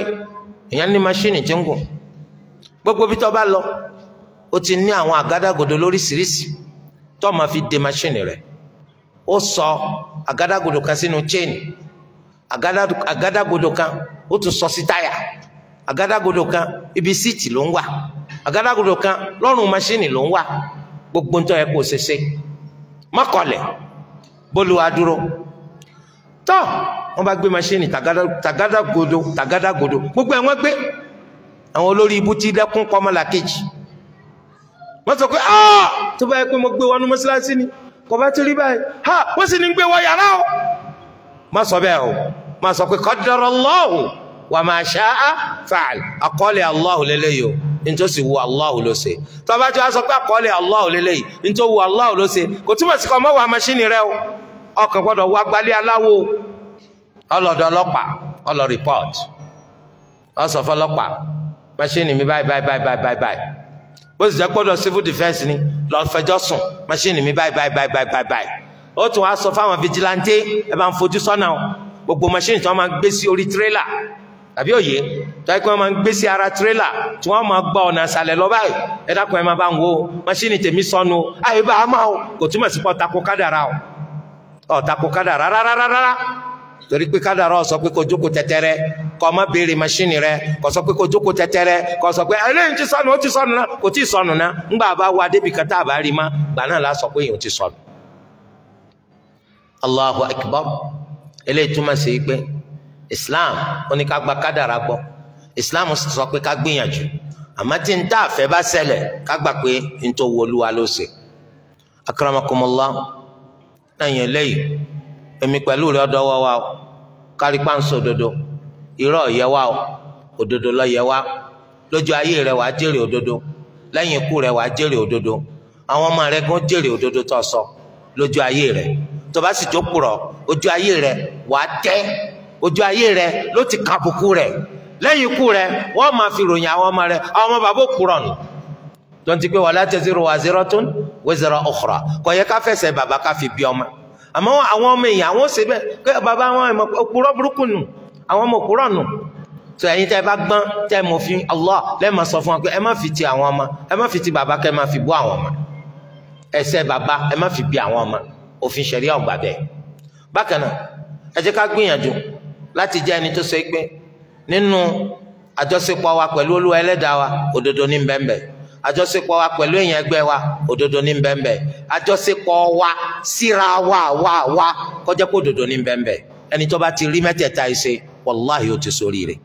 ní maṣíìnì tí ń gùn gbogbo lọ ó ti ní àwọn àgádágodo lóríṣiríṣi tó máa fi de machine rẹ̀ ó sọ àgádágodo kan sínú chain àgádágodo kan ó tún sọ sí táyà àgádágodo kan ibi síìtì ló ń wà àgádágodo kan lọ́rùn machine ló ń wà gbogbo ń tọ́ ẹ kó o ṣe ṣe mọ́kànlẹ̀ bólúwa dúró tọ́ wọ́n bá gbé machine tàgádágodo tàgádágodo gbogbo ẹ̀ wọ́n gbé àwọn olórí ibú ti dẹ́kun kọ́mọ́lá kejì wọ́n sọ pé ah tó bá yẹ pé mo gbé wọnú mọ́sálásí ni kò bá ti rí báyìí ha wọ́n sì ní gbé wọ yàrá o má sọ bẹ́ẹ̀ o má sọ pé qadarallahu wa ma sha'a fa'al àkọọ́lẹ̀ Allahu lélẹ́yìí o nítorí sì wu Allahu ló ṣe tó bá ti wá sọ pé àkọọ́lẹ̀ Allahu lélẹ́yìí nítorí wu Allahu ló ṣe kò túmọ̀ sí kọ́ mọ́ wà máṣíìnì rẹ o ọkàn gbọ́dọ̀ wá gbalẹ̀ aláwo ọlọ́dọ̀ ọlọ́pàá ọlọ́ bó sì jẹ́ gbọ́dọ̀ civil defence ni lọ́ọ́ fẹjọ́ sùn machine mi bye bye bye bye bye ó tún wá sọ fáwọn vigilante ẹ bá ń fojú sọ́nà o gbogbo machine tí wọ́n máa ń gbé sí orí tírélà tàbí òye tàbí kí wọ́n máa ń gbé sí ara tírélà tí wọ́n máa gba ọ̀nà àṣàlẹ̀ lọ báyìí ẹ dákun ẹ máa bá ń wo machine tèmi sọnù àyè bá a máa o kò túmọ̀ sí pọ̀ tako kádàrà o ọ̀ tako kádàrà rárá rárá rárá. torí pé kádàrá sọ pé kó jókòó tẹ́tẹ́rẹ́ kó má béèrè mashini rẹ kó sọ pé jókòó sọ pé eléyìí ti sọnù ó ti sọnù náà kò a bá rí ma gbà náà la sọ pé èèyàn ti sọnù. allahu akbar eléyìí túmọ̀ sí pé islam ó ní ká islam sọ pé ká gbìyànjú àmọ́ tí tá a fẹ́ bá ká gbà pé tó wọlúwa ló náà èmi pẹ̀lú rẹ ọdọ wọ wa o kárí pánsó òdodo irọ́ ọ̀yẹ́ wa o òdodo lọ́yẹ wa lójú ayé rẹ wàá jèrè òdodo lẹ́yìn ikú rẹ wàá jèrè òdodo àwọn ọmọ rẹ gan jèrè òdodo tó sọ lójú ayé rẹ tó bá sì jókòó rọ ojú ayé rẹ wàá tẹ́ ojú ayé rẹ ló ti kàbùkù rẹ lẹ́yìn ikú rẹ wọ́n máa fi ròyìn àwọn ọmọ rẹ àwọn ọmọ bàbá òkúrọ̀ nù tó ń ti pé wala taziru waziratun wizra ukhra kò yẹ ká fẹsẹ̀ bàbá ká fi bí ọmọ àmọ́ àwọn ọmọ èèyàn àwọn òṣè bẹ́ẹ̀ pé bàbá wọn òpùrọ́ burúkú nù àwọn ọmọ òpùrọ́ nù tó ẹ̀yin tẹ́ bá gbọ́n tẹ́ mọ̀ fi Allah lẹ́ẹ̀mọ sọ fún wa pé ẹ má fi ti àwọn ọmọ ẹ má fi ti bàbá kẹ́ ẹ má fi bú àwọn ọmọ ẹ̀ṣẹ̀ bàbá ẹ má fi bí àwọn ọmọ òfin ṣẹ̀ríà ò gbà bẹ́ẹ̀ bákan náà ẹ jẹ́ ká gbìyànjú láti jẹ́ ẹni tó sọ pé nínú àjọṣepọ̀ wa pẹ̀lú Olúwa ẹlẹ́dàá wa òdodo ní bẹ́ẹ̀ bẹ́ẹ̀ àjọṣepọ̀ wa pẹ̀lú èèyàn ẹgbẹ́ wa òdodo ní bẹ́ẹ̀nbẹ́ àjọṣepọ̀ wa síra wa wa wa kọjá pé òdodo ní bẹ́ẹ̀nbẹ́ ẹni tó bá ti rí mẹ́tẹ̀ẹ̀ta yìí ṣe wàláhì ó ti sórí rẹ̀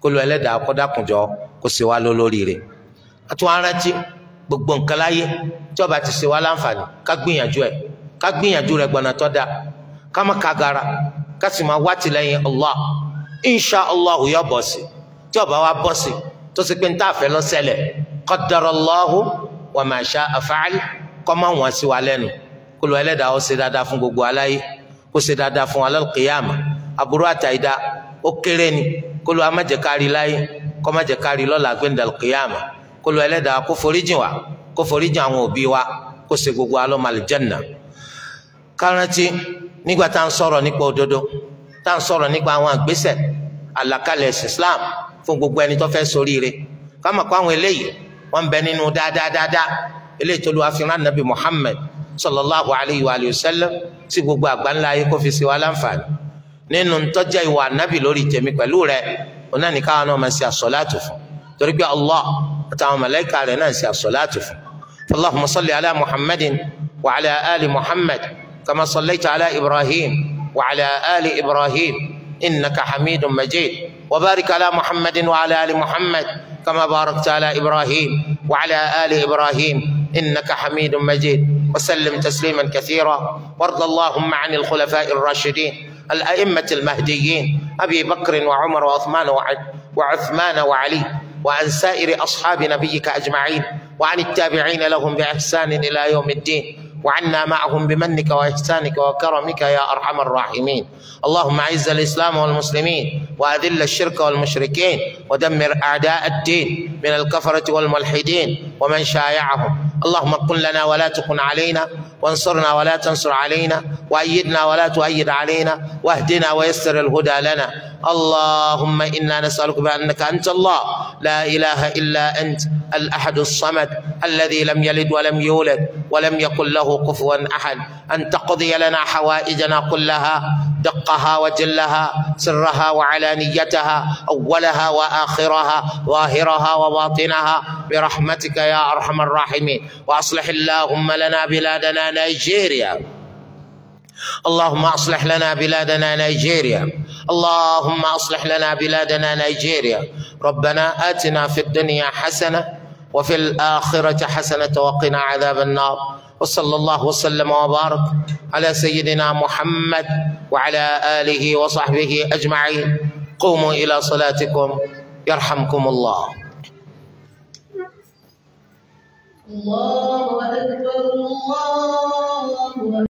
kó lu ẹlẹ́dàá kọ́dákùnjọ kó ṣe wá lólórí rẹ̀ àtún arántí gbogbo nǹkan láyé tí ó ti ṣe wá láǹfààní ká gbìyànjú ẹ̀ ká gbìyànjú rẹ̀ gbọ̀nà tó dáa ká má kagara ká sì máa wá tìlẹ́yìn Allah insha Allah yóò bọ̀ sí tí ó bá wá bọ̀ tó ṣe pé ń tá àfẹ́ lọ́sẹ̀lẹ̀ qaddarallahu wa ma sha'a fa'al kọ́má wọn sí wa lẹ́nu kó lọ ẹlẹ́dàá ó ṣe dáadáa fún gbogbo aláyé kó ṣe dáadáa fún alálùkìyàmà aburú àtàyídá ó kéré ni kó lọ amájẹkárí láyé kọ́májẹkárí lọ́la gbẹ̀ndàlùkìyàmà kó lọ ẹlẹ́dàá kó foríjìn wa kó foríjìn àwọn òbí wa kó ṣe gbogbo alọ́màlì jẹ́nà. kárántì nígbà tá à ń sọ̀rọ̀ nípa òdodo tá à ń sọ̀rọ̀ nípa àwọn àgbésẹ̀ àlàkalẹ̀ Islam fún gbogbo ẹni tó fẹ́ ṣoríire ká mà kó àwọn eléyìí wọ́n ń bẹ nínú dáadáa dáadáa eléyìí tó lu afiran nabi muhammed sallallahu alayhi wa sallam sí gbogbo àgbáńlá ayé kó fi ṣe wá láǹfààní nínú ntọ́jà ìwà nabi lórí tèmi pẹ̀lú rẹ̀ ọ̀nà ní káwọn náà máa ṣe àsọ̀láàtù fún torí pé allah àtàwọn màláíkà rẹ̀ náà ṣe àsọ̀láàtù fún allahumma salli ala muhammadin wa ala ali muhammad kama sallaita ala ibrahim wa ala ali ibrahim innaka hamidun majid wa barik ala muhammadin wa ala ali muhammad. كما باركت على إبراهيم وعلى آل إبراهيم إنك حميد مجيد وسلم تسليما كثيرا وارض اللهم عن الخلفاء الراشدين الأئمة المهديين أبي بكر وعمر وعثمان وعثمان وعلي وعن سائر أصحاب نبيك أجمعين وعن التابعين لهم بإحسان إلى يوم الدين وعنا معهم بمنك وإحسانك وكرمك يا أرحم الراحمين اللهم أعز الإسلام والمسلمين وأذل الشرك والمشركين ودمر أعداء الدين من الكفرة والملحدين ومن شايعهم اللهم قل لنا ولا تكن علينا وانصرنا ولا تنصر علينا وأيدنا ولا تؤيد علينا واهدنا ويسر الهدى لنا اللهم إنا نسألك بأنك أنت الله لا إله إلا أنت الأحد الصمد الذي لم يلد ولم يولد ولم يكن له كفوا أحد أن تقضي لنا حوائجنا كلها دقها وجلها سرها وعلانيتها أولها وآخرها ظاهرها وباطنها برحمتك يا أرحم الراحمين وأصلح اللهم لنا بلادنا نيجيريا اللهم اصلح لنا بلادنا نيجيريا اللهم اصلح لنا بلادنا نيجيريا ربنا اتنا في الدنيا حسنه وفي الاخره حسنه وقنا عذاب النار وصلى الله وسلم وبارك على سيدنا محمد وعلى اله وصحبه اجمعين قوموا الى صلاتكم يرحمكم الله الله أكبر الله أكبر